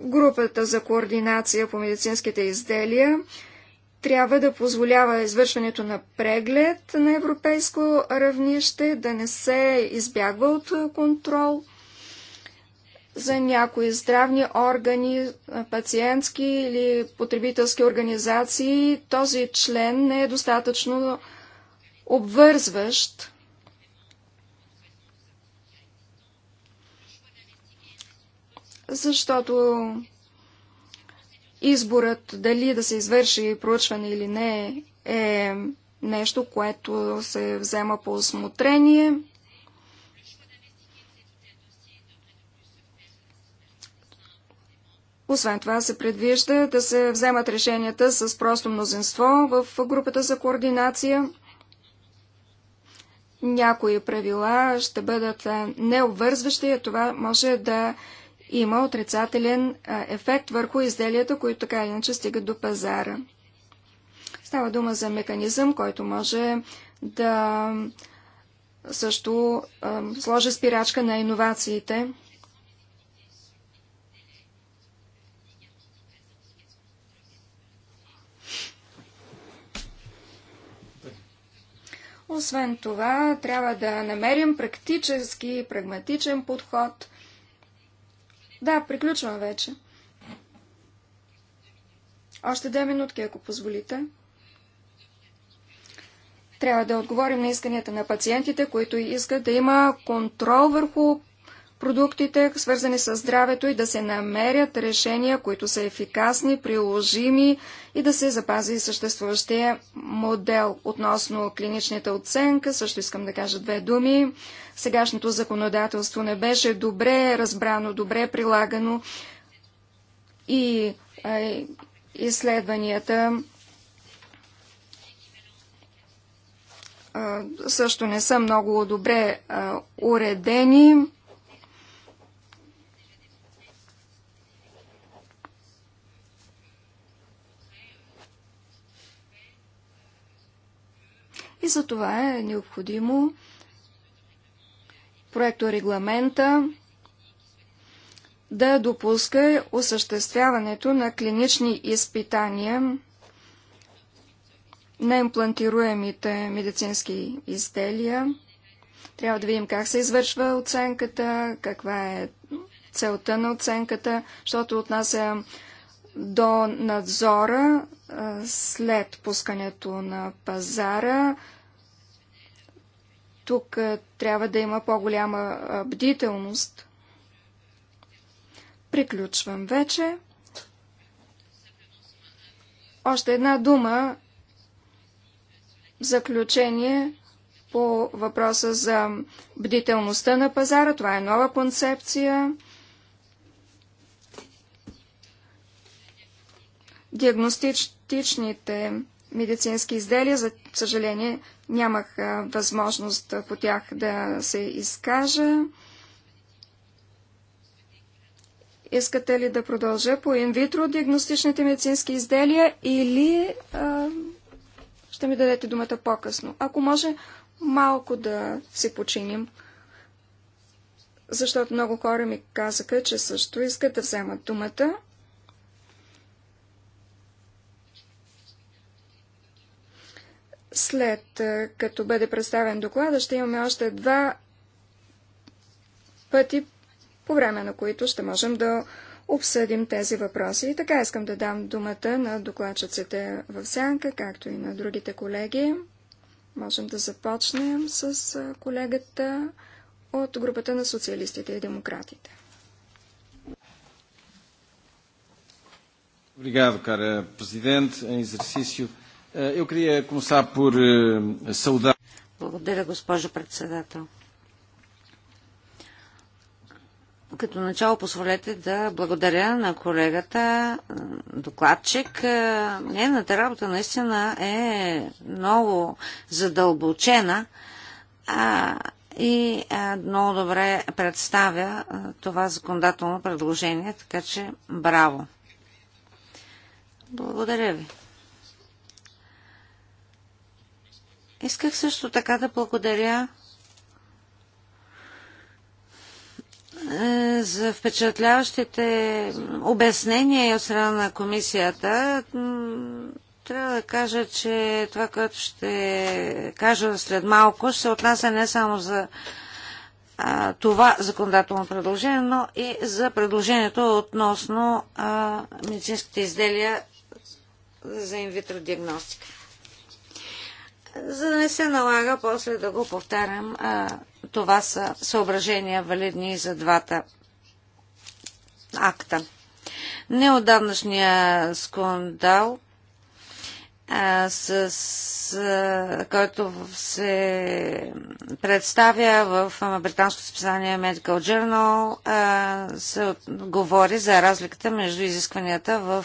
групата за координация по медицинските изделия, трябва да позволява извършването на преглед на европейско равнище, да не се избягва от контрол за някои здравни органи, пациентски или потребителски организации. Този член не е достатъчно обвързващ. Защото изборът дали да се извърши проучване или не е нещо, което се взема по осмотрение. Освен това се предвижда да се вземат решенията с просто мнозинство в групата за координация. Някои правила ще бъдат необвързващи, а това може да има отрицателен ефект върху изделията, които така иначе стигат до пазара. Става дума за механизъм, който може да също е, сложи спирачка на иновациите. Освен това, трябва да намерим практически, прагматичен подход – да, приключвам вече. Още две минутки, ако позволите. Трябва да отговорим на исканията на пациентите, които искат да има контрол върху продуктите, свързани с здравето и да се намерят решения, които са ефикасни, приложими и да се запази съществуващия модел. Относно клиничната оценка, също искам да кажа две думи. Сегашното законодателство не беше добре разбрано, добре прилагано и изследванията също не са много добре а, уредени И за това е необходимо проекто регламента да допуска осъществяването на клинични изпитания на имплантируемите медицински изделия. Трябва да видим как се извършва оценката, каква е целта на оценката, защото отнася до надзора след пускането на пазара, тук трябва да има по-голяма бдителност. Приключвам вече. Още една дума в заключение по въпроса за бдителността на пазара. Това е нова концепция. Диагностичните медицински изделия. За съжаление, нямах възможност по тях да се изкажа. Искате ли да продължа по инвитро диагностичните медицински изделия или а, ще ми дадете думата по-късно? Ако може, малко да си починим, защото много хора ми казаха, че също искат да вземат думата. След е, като бъде представен доклада, ще имаме още два пъти, по време на които ще можем да обсъдим тези въпроси. И така искам да дам думата на докладчиците в сянка, както и на другите колеги. Можем да започнем с е, колегата от групата на социалистите и демократите. Obrigado, cara Presidente. Em exercício Eh, eu queria começar por eh, saudar. Благодаря, госпожо председател. Като начало позволете да благодаря на колегата, докладчик. Е, нейната работа наистина е много задълбочена а, и а, много добре представя а, е, това законодателно предложение, така че браво. Благодаря ви. Исках също така да благодаря е, за впечатляващите обяснения и от страна на комисията. Трябва да кажа, че това, което ще кажа след малко, се отнася не само за а, това законодателно предложение, но и за предложението относно а, медицинските изделия за инвитро диагностика за да не се налага после да го повтарям. Това са съображения валидни за двата акта. Неодавнашния скандал, с, а, който се представя в британското списание Medical Journal, се говори за разликата между изискванията в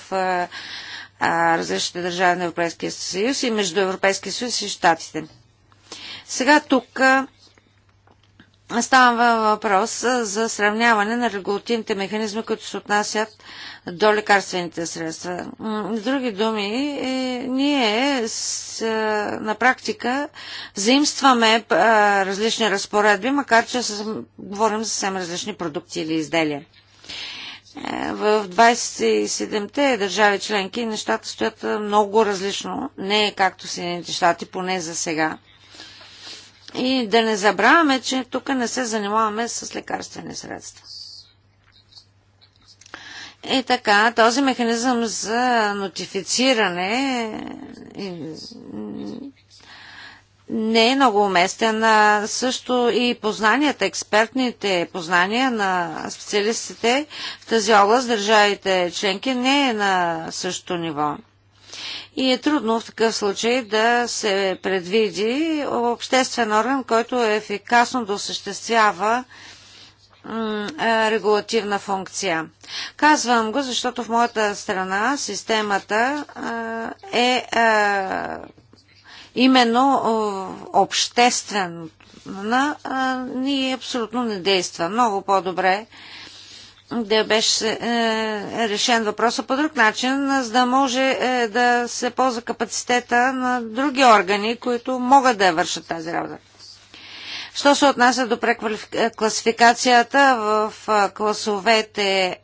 различните държави на Европейския съюз и между Европейския съюз и Штатите. Сега тук става въпрос за сравняване на регулативните механизми, които се отнасят до лекарствените средства. С други думи, е, ние с, на практика заимстваме различни разпоредби, макар че говорим за съвсем различни продукти или изделия в 27-те държави членки нещата стоят много различно, не е както Съединените щати, поне за сега. И да не забравяме, че тук не се занимаваме с лекарствени средства. И така, този механизъм за нотифициране не е много уместен. А също и познанията, експертните познания на специалистите в тази област, държавите членки, не е на същото ниво. И е трудно в такъв случай да се предвиди обществен орган, който е ефикасно да осъществява е, регулативна функция. Казвам го, защото в моята страна системата е, е именно обществена ни абсолютно не действа. Много по-добре да беше е, решен въпроса по друг начин, за да може е, да се ползва капацитета на други органи, които могат да вършат тази работа. Що се отнася до прекласификацията в класовете е,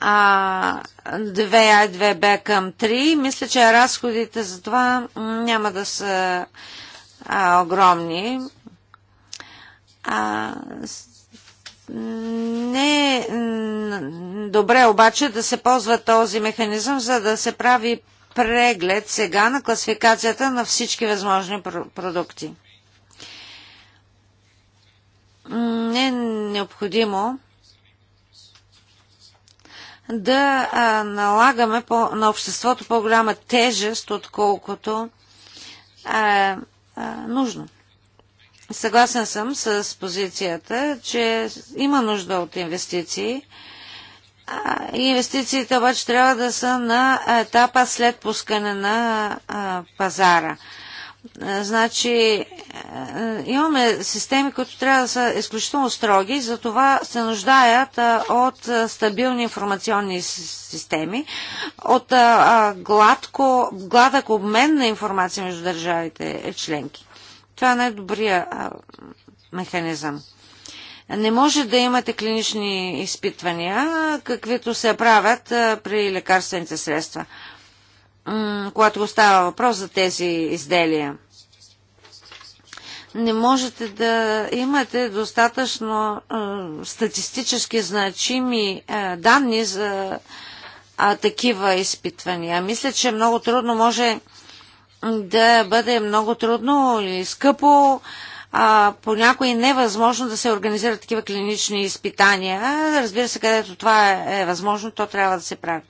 а, 2А2Б към 3. Мисля, че разходите за това няма да са а, огромни. А, не е добре обаче да се ползва този механизъм, за да се прави преглед сега на класификацията на всички възможни продукти. Не е необходимо да а, налагаме по, на обществото по-голяма тежест, отколкото а, а, нужно. Съгласен съм с позицията, че има нужда от инвестиции. А, инвестициите обаче трябва да са на етапа след пускане на а, пазара. Значи, е, имаме системи, които трябва да са изключително строги, затова се нуждаят от стабилни информационни системи, от гладко, гладък обмен на информация между държавите членки. Това е най-добрия механизъм. Не може да имате клинични изпитвания, каквито се правят при лекарствените средства когато става въпрос за тези изделия. Не можете да имате достатъчно статистически значими данни за такива изпитвания. Мисля, че много трудно може да бъде много трудно или скъпо, а, понякога е невъзможно да се организират такива клинични изпитания. Разбира се, където това е, е възможно, то трябва да се прави.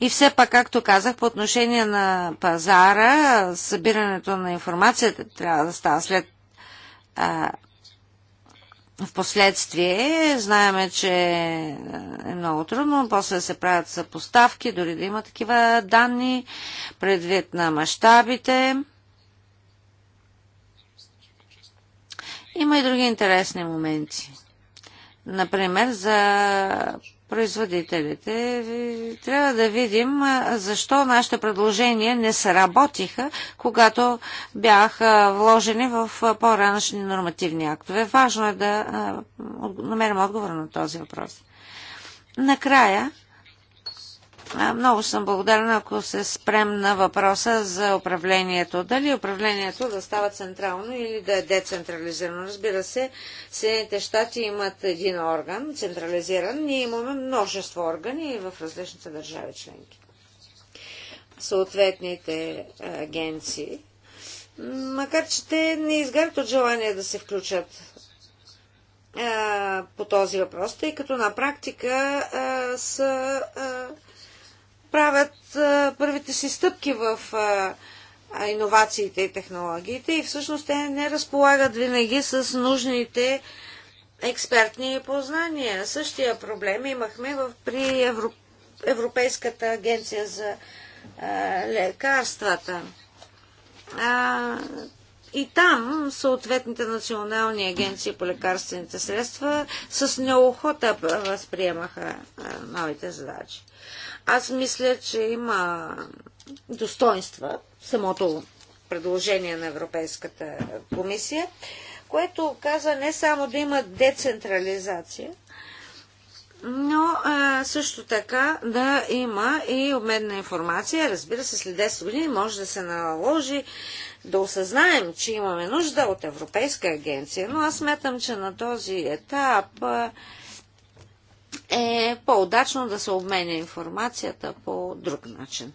И все пак, както казах, по отношение на пазара, събирането на информацията трябва да става след а, в последствие. Знаеме, че е много трудно. После се правят съпоставки, дори да има такива данни, предвид на мащабите. Има и други интересни моменти. Например, за производителите. Трябва да видим защо нашите предложения не се работиха, когато бяха вложени в по раношни нормативни актове. Важно е да намерим отговор на този въпрос. Накрая, много съм благодарна, ако се спрем на въпроса за управлението. Дали управлението да става централно или да е децентрализирано? Разбира се, Съединените щати имат един орган, централизиран. Ние имаме множество органи в различните държави членки. Съответните агенции. Макар, че те не изгарят от желание да се включат по този въпрос, тъй като на практика са правят а, първите си стъпки в а, иновациите и технологиите и всъщност те не разполагат винаги с нужните експертни познания. Същия проблем имахме в, при Евро, Европейската агенция за а, лекарствата. А, и там съответните национални агенции по лекарствените средства с неохота възприемаха новите задачи. Аз мисля, че има достоинства самото предложение на Европейската комисия, което каза не само да има децентрализация, но а, също така да има и обмен на информация. Разбира се, след 10 години може да се наложи да осъзнаем, че имаме нужда от Европейска агенция, но аз смятам, че на този етап а, е по-удачно да се обменя информацията по друг начин.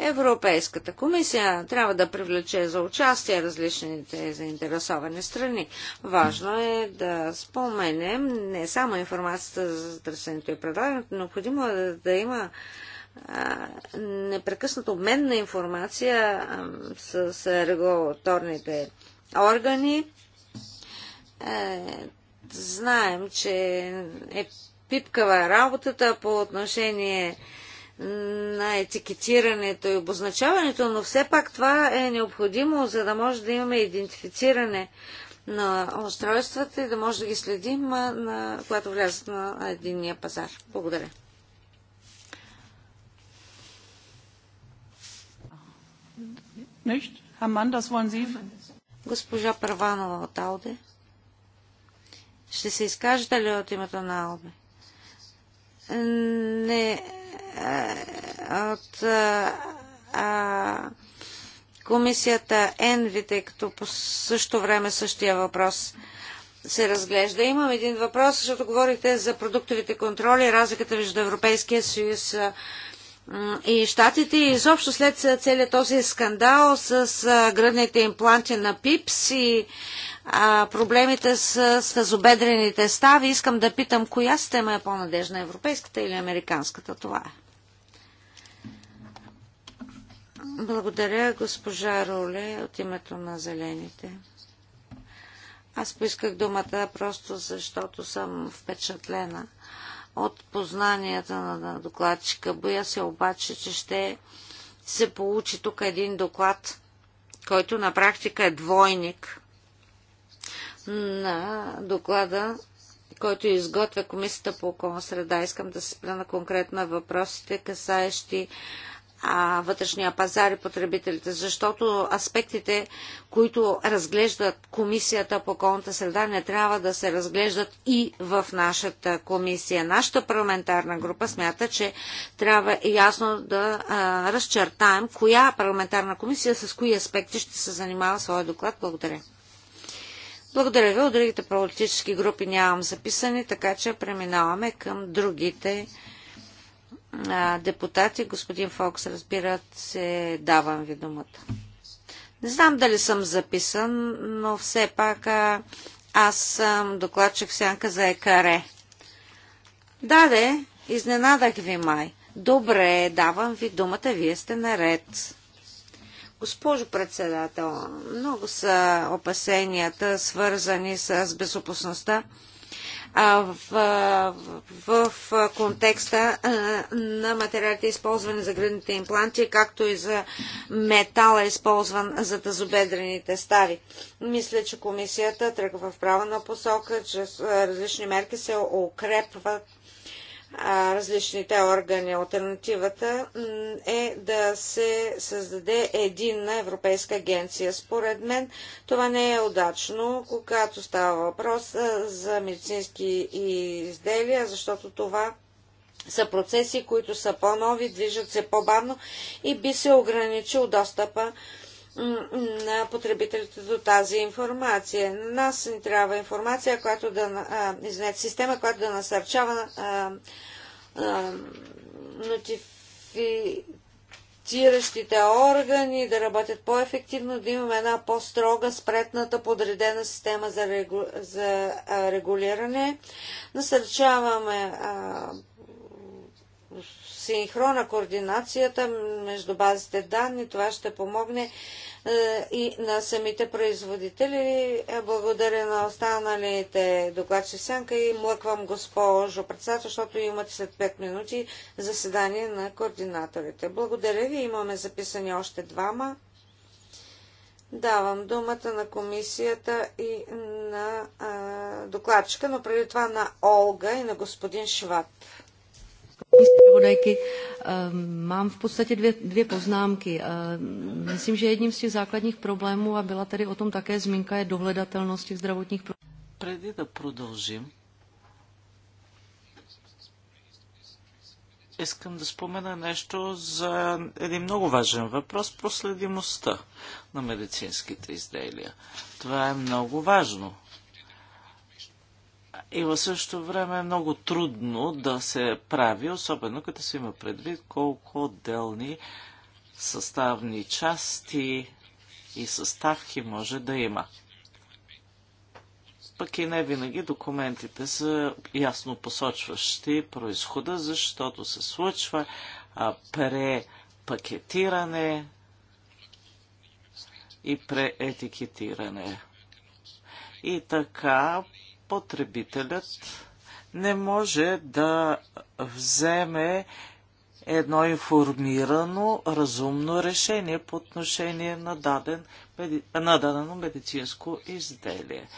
Европейската комисия трябва да привлече за участие различните заинтересовани страни. Важно е да споменем не само информацията за търсенето и предлагането, необходимо е да, има непрекъснат обмен на информация с, с регулаторните органи. Е, Знаем, че е пипкава работата по отношение на етикетирането и обозначаването, но все пак това е необходимо, за да може да имаме идентифициране на устройствата и да може да ги следим, на, когато влязат на единния пазар. Благодаря. Госпожа Първанова от Ауде. Ще се изкажете ли от името на Албе? Не. Е, от а, е, а, комисията Енви, тъй като по също време същия въпрос се разглежда. Имам един въпрос, защото говорихте за продуктовите контроли, разликата между Европейския съюз е, и щатите. И изобщо след целият този скандал с гръдните импланти на ПИПС и а, проблемите с тазобедрените стави. Искам да питам, коя система е по-надежна, европейската или американската? Това е. Благодаря, госпожа Роле, от името на Зелените. Аз поисках думата просто защото съм впечатлена от познанията на докладчика. Боя се обаче, че ще се получи тук един доклад, който на практика е двойник на доклада, който изготвя Комисията по околна среда. Искам да се спра на конкретна въпросите, касаещи а, вътрешния пазар и потребителите, защото аспектите, които разглеждат Комисията по околната среда, не трябва да се разглеждат и в нашата комисия. Нашата парламентарна група смята, че трябва ясно да а, разчертаем коя парламентарна комисия с кои аспекти ще се занимава своя доклад. Благодаря. Благодаря ви. От другите политически групи нямам записани, така че преминаваме към другите а, депутати. Господин Фокс, разбират се, давам ви думата. Не знам дали съм записан, но все пак а, аз съм докладчик сянка за екаре. Да, де, изненадах ви май. Добре, давам ви думата, вие сте наред. Госпожо председател, много са опасенията, свързани с безопасността в, в, в, контекста на материалите, използвани за гръдните импланти, както и за метала, използван за тазобедрените стави. Мисля, че комисията тръгва в правилна на посока, чрез различни мерки се укрепват различните органи. Альтернативата е да се създаде единна европейска агенция. Според мен това не е удачно, когато става въпрос за медицински изделия, защото това са процеси, които са по-нови, движат се по-бавно и би се ограничил достъпа на потребителите до тази информация. На нас ни трябва информация, която да, извинете, система, която да насърчава нотифициращите органи да работят по-ефективно, да имаме една по-строга, спретната, подредена система за, регу... за регулиране. Насърчаваме а, синхрона координацията между базите данни. Това ще помогне е, и на самите производители. Благодаря на останалите докладчи сянка и млъквам госпожо председател, защото имате след 5 минути заседание на координаторите. Благодаря ви. Имаме записани още двама. Давам думата на комисията и на а, докладчика, но преди това на Олга и на господин Шват paní zpravodajky. Mám v podstatě dvě, dvě poznámky. Myslím, že jedním z těch základních problémů, a byla tady o tom také zmínka, je dohledatelnost těch zdravotních problémů. Преди да продължим, искам да спомена нещо за един много важен въпрос проследимостта на медицинските изделия. Това е много важно и в същото време е много трудно да се прави, особено като се има предвид колко отделни съставни части и съставки може да има. Пък и не винаги документите са ясно посочващи происхода, защото се случва а, препакетиране и преетикетиране. И така потребителят не може да вземе едно информирано, разумно решение по отношение на, даден, на дадено медицинско изделие.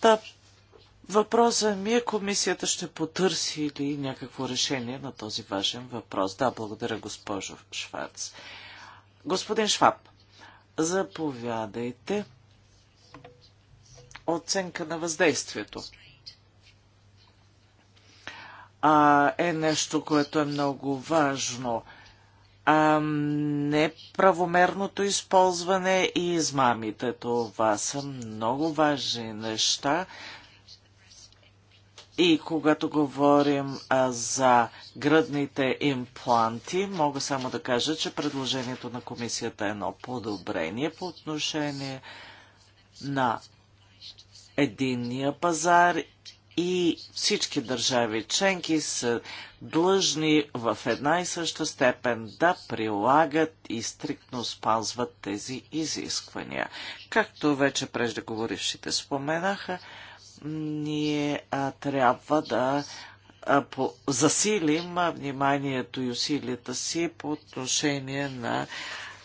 Та, въпросът ми е, комисията ще потърси ли някакво решение на този важен въпрос. Да, благодаря, госпожо Шварц. Господин Шваб, заповядайте оценка на въздействието а, е нещо, което е много важно. А, неправомерното използване и измамите. Това са много важни неща. И когато говорим а, за гръдните импланти, мога само да кажа, че предложението на комисията е едно подобрение по отношение на единния пазар и всички държави членки са длъжни в една и съща степен да прилагат и стриктно спазват тези изисквания. Както вече преждеговорившите споменаха, ние а, трябва да а, по, засилим а, вниманието и усилията си по отношение на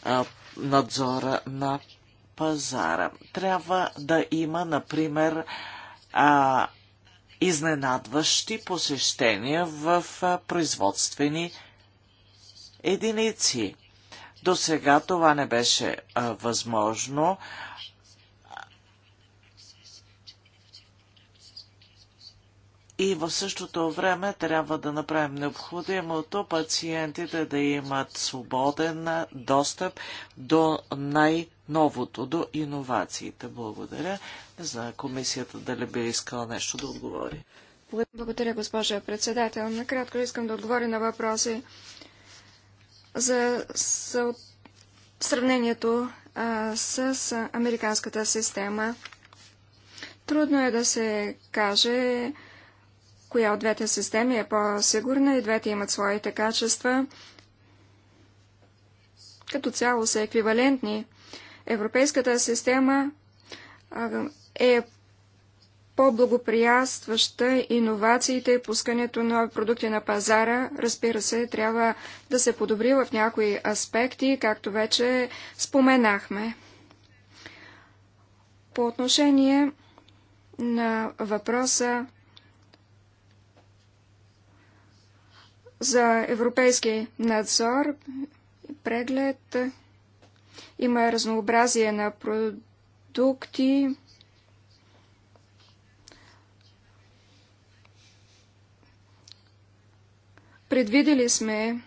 а, надзора на пазара. Трябва да има, например, а, изненадващи посещения в а, производствени единици. До сега това не беше а, възможно. И в същото време трябва да направим необходимото пациентите да имат свободен достъп до най-новото, до иновациите. Благодаря за комисията дали би искала нещо да отговори. Благодаря, госпожа председател. Накратко искам да отговоря на въпроси за сравнението а, с американската система. Трудно е да се каже коя от двете системи е по-сигурна и двете имат своите качества. Като цяло са еквивалентни. Европейската система е по-благоприятстваща иновациите и пускането на продукти на пазара. Разбира се, трябва да се подобри в някои аспекти, както вече споменахме. По отношение на въпроса за европейски надзор, преглед. Има разнообразие на продукти. Предвидели сме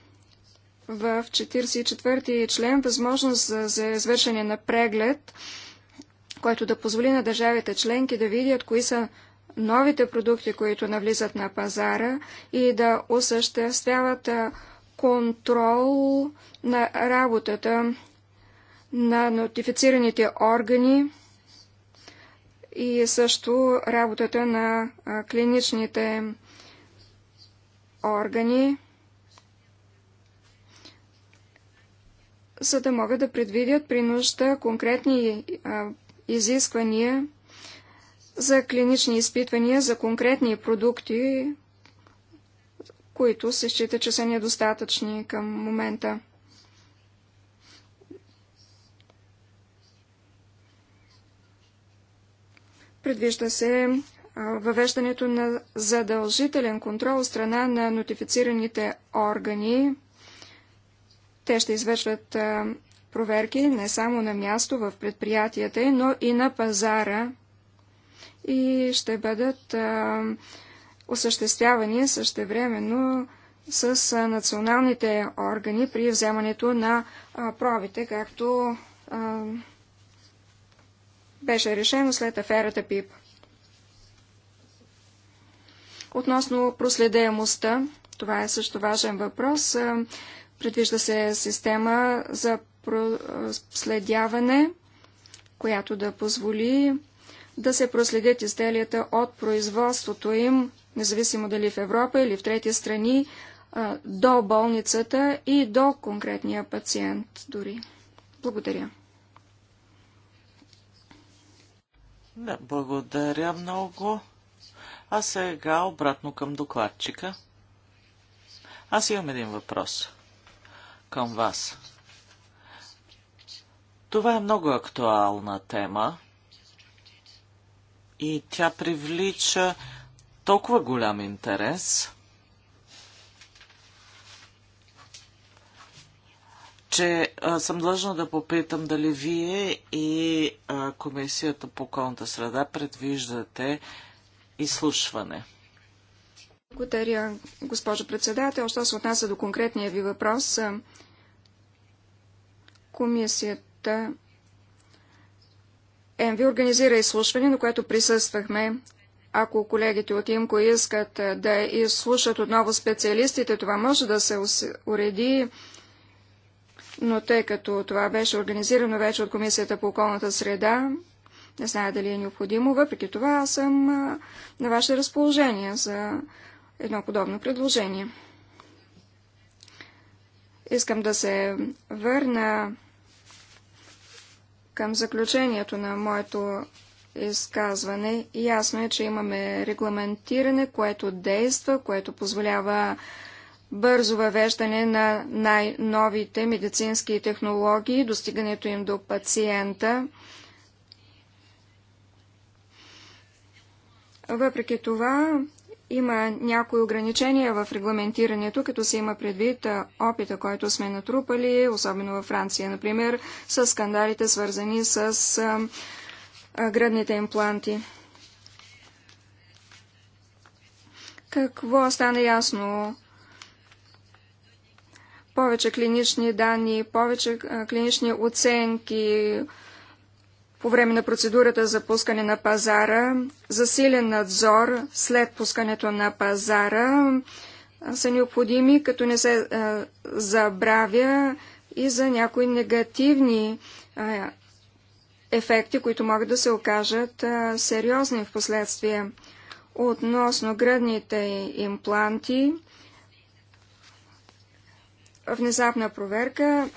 в 44 член възможност за, за извършване на преглед, който да позволи на държавите членки да видят кои са новите продукти, които навлизат на пазара и да осъществяват контрол на работата на нотифицираните органи и също работата на клиничните органи, за да могат да предвидят при нужда конкретни изисквания за клинични изпитвания за конкретни продукти, които се счита, че са недостатъчни към момента. Предвижда се въвеждането на задължителен контрол от страна на нотифицираните органи. Те ще извършват проверки не само на място в предприятията, но и на пазара и ще бъдат а, осъществявани същевременно с а, националните органи при вземането на а, пробите, както а, беше решено след аферата ПИП. Относно проследяемостта, това е също важен въпрос. Предвижда се система за проследяване, която да позволи да се проследят изделията от производството им, независимо дали в Европа или в трети страни, до болницата и до конкретния пациент дори. Благодаря. Да, благодаря много. А сега обратно към докладчика. Аз имам един въпрос към вас. Това е много актуална тема и тя привлича толкова голям интерес, че а, съм длъжна да попитам дали вие и а, Комисията по околната среда предвиждате изслушване. Благодаря, госпожо председател. Що се отнася до конкретния ви въпрос, комисията МВ организира изслушване, на което присъствахме. Ако колегите от ИМКО искат да изслушат отново специалистите, това може да се уреди, но тъй като това беше организирано вече от Комисията по околната среда, не зная дали е необходимо. Въпреки това, аз съм на ваше разположение за едно подобно предложение. Искам да се върна към заключението на моето изказване ясно е, че имаме регламентиране, което действа, което позволява бързо въвеждане на най-новите медицински технологии, достигането им до пациента. Въпреки това, има някои ограничения в регламентирането, като се има предвид опита, който сме натрупали, особено във Франция, например, с скандалите, свързани с гръдните импланти. Какво стана ясно? Повече клинични данни, повече клинични оценки, по време на процедурата за пускане на пазара, засилен надзор след пускането на пазара са необходими, като не се а, забравя и за някои негативни а, ефекти, които могат да се окажат а, сериозни в последствие. Относно гръдните импланти, внезапна проверка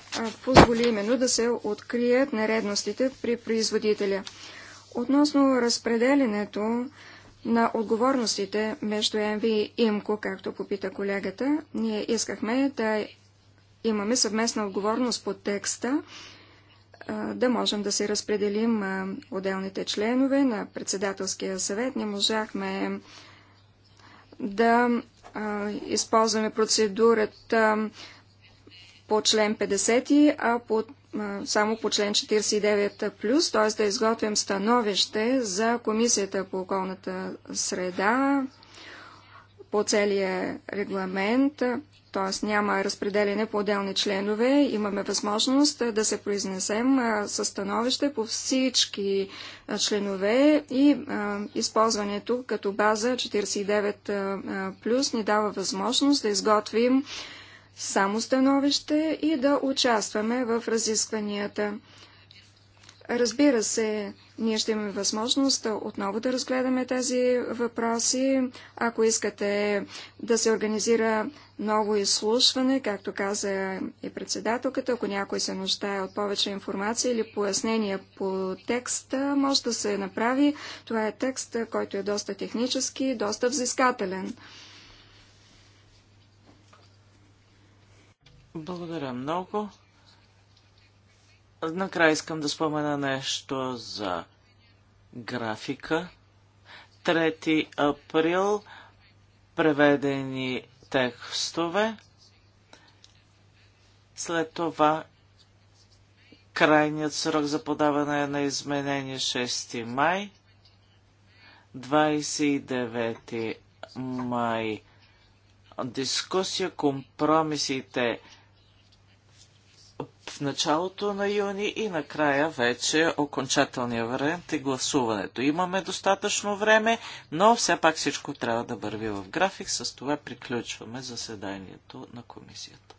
позволи именно да се открият нередностите при производителя. Относно разпределенето на отговорностите между МВ и ИМКО, както попита колегата, ние искахме да имаме съвместна отговорност по текста, да можем да се разпределим отделните членове на председателския съвет. Не можахме да използваме процедурата по член 50, а по, само по член 49+, плюс, т.е. да изготвим становище за Комисията по околната среда по целия регламент, т.е. няма разпределение по отделни членове. Имаме възможност да се произнесем със становище по всички членове и а, използването като база 49+, плюс ни дава възможност да изготвим само становище и да участваме в разискванията. Разбира се, ние ще имаме възможност отново да разгледаме тези въпроси. Ако искате да се организира ново изслушване, както каза и председателката, ако някой се нуждае от повече информация или пояснения по текста, може да се направи. Това е текст, който е доста технически, доста взискателен. Благодаря много. Накрая искам да спомена нещо за графика. 3 април преведени текстове. След това крайният срок за подаване на изменение 6 е май. 29 май дискусия, компромисите началото на юни и накрая вече окончателния вариант и е гласуването. Имаме достатъчно време, но все пак всичко трябва да върви в график. С това приключваме заседанието на комисията.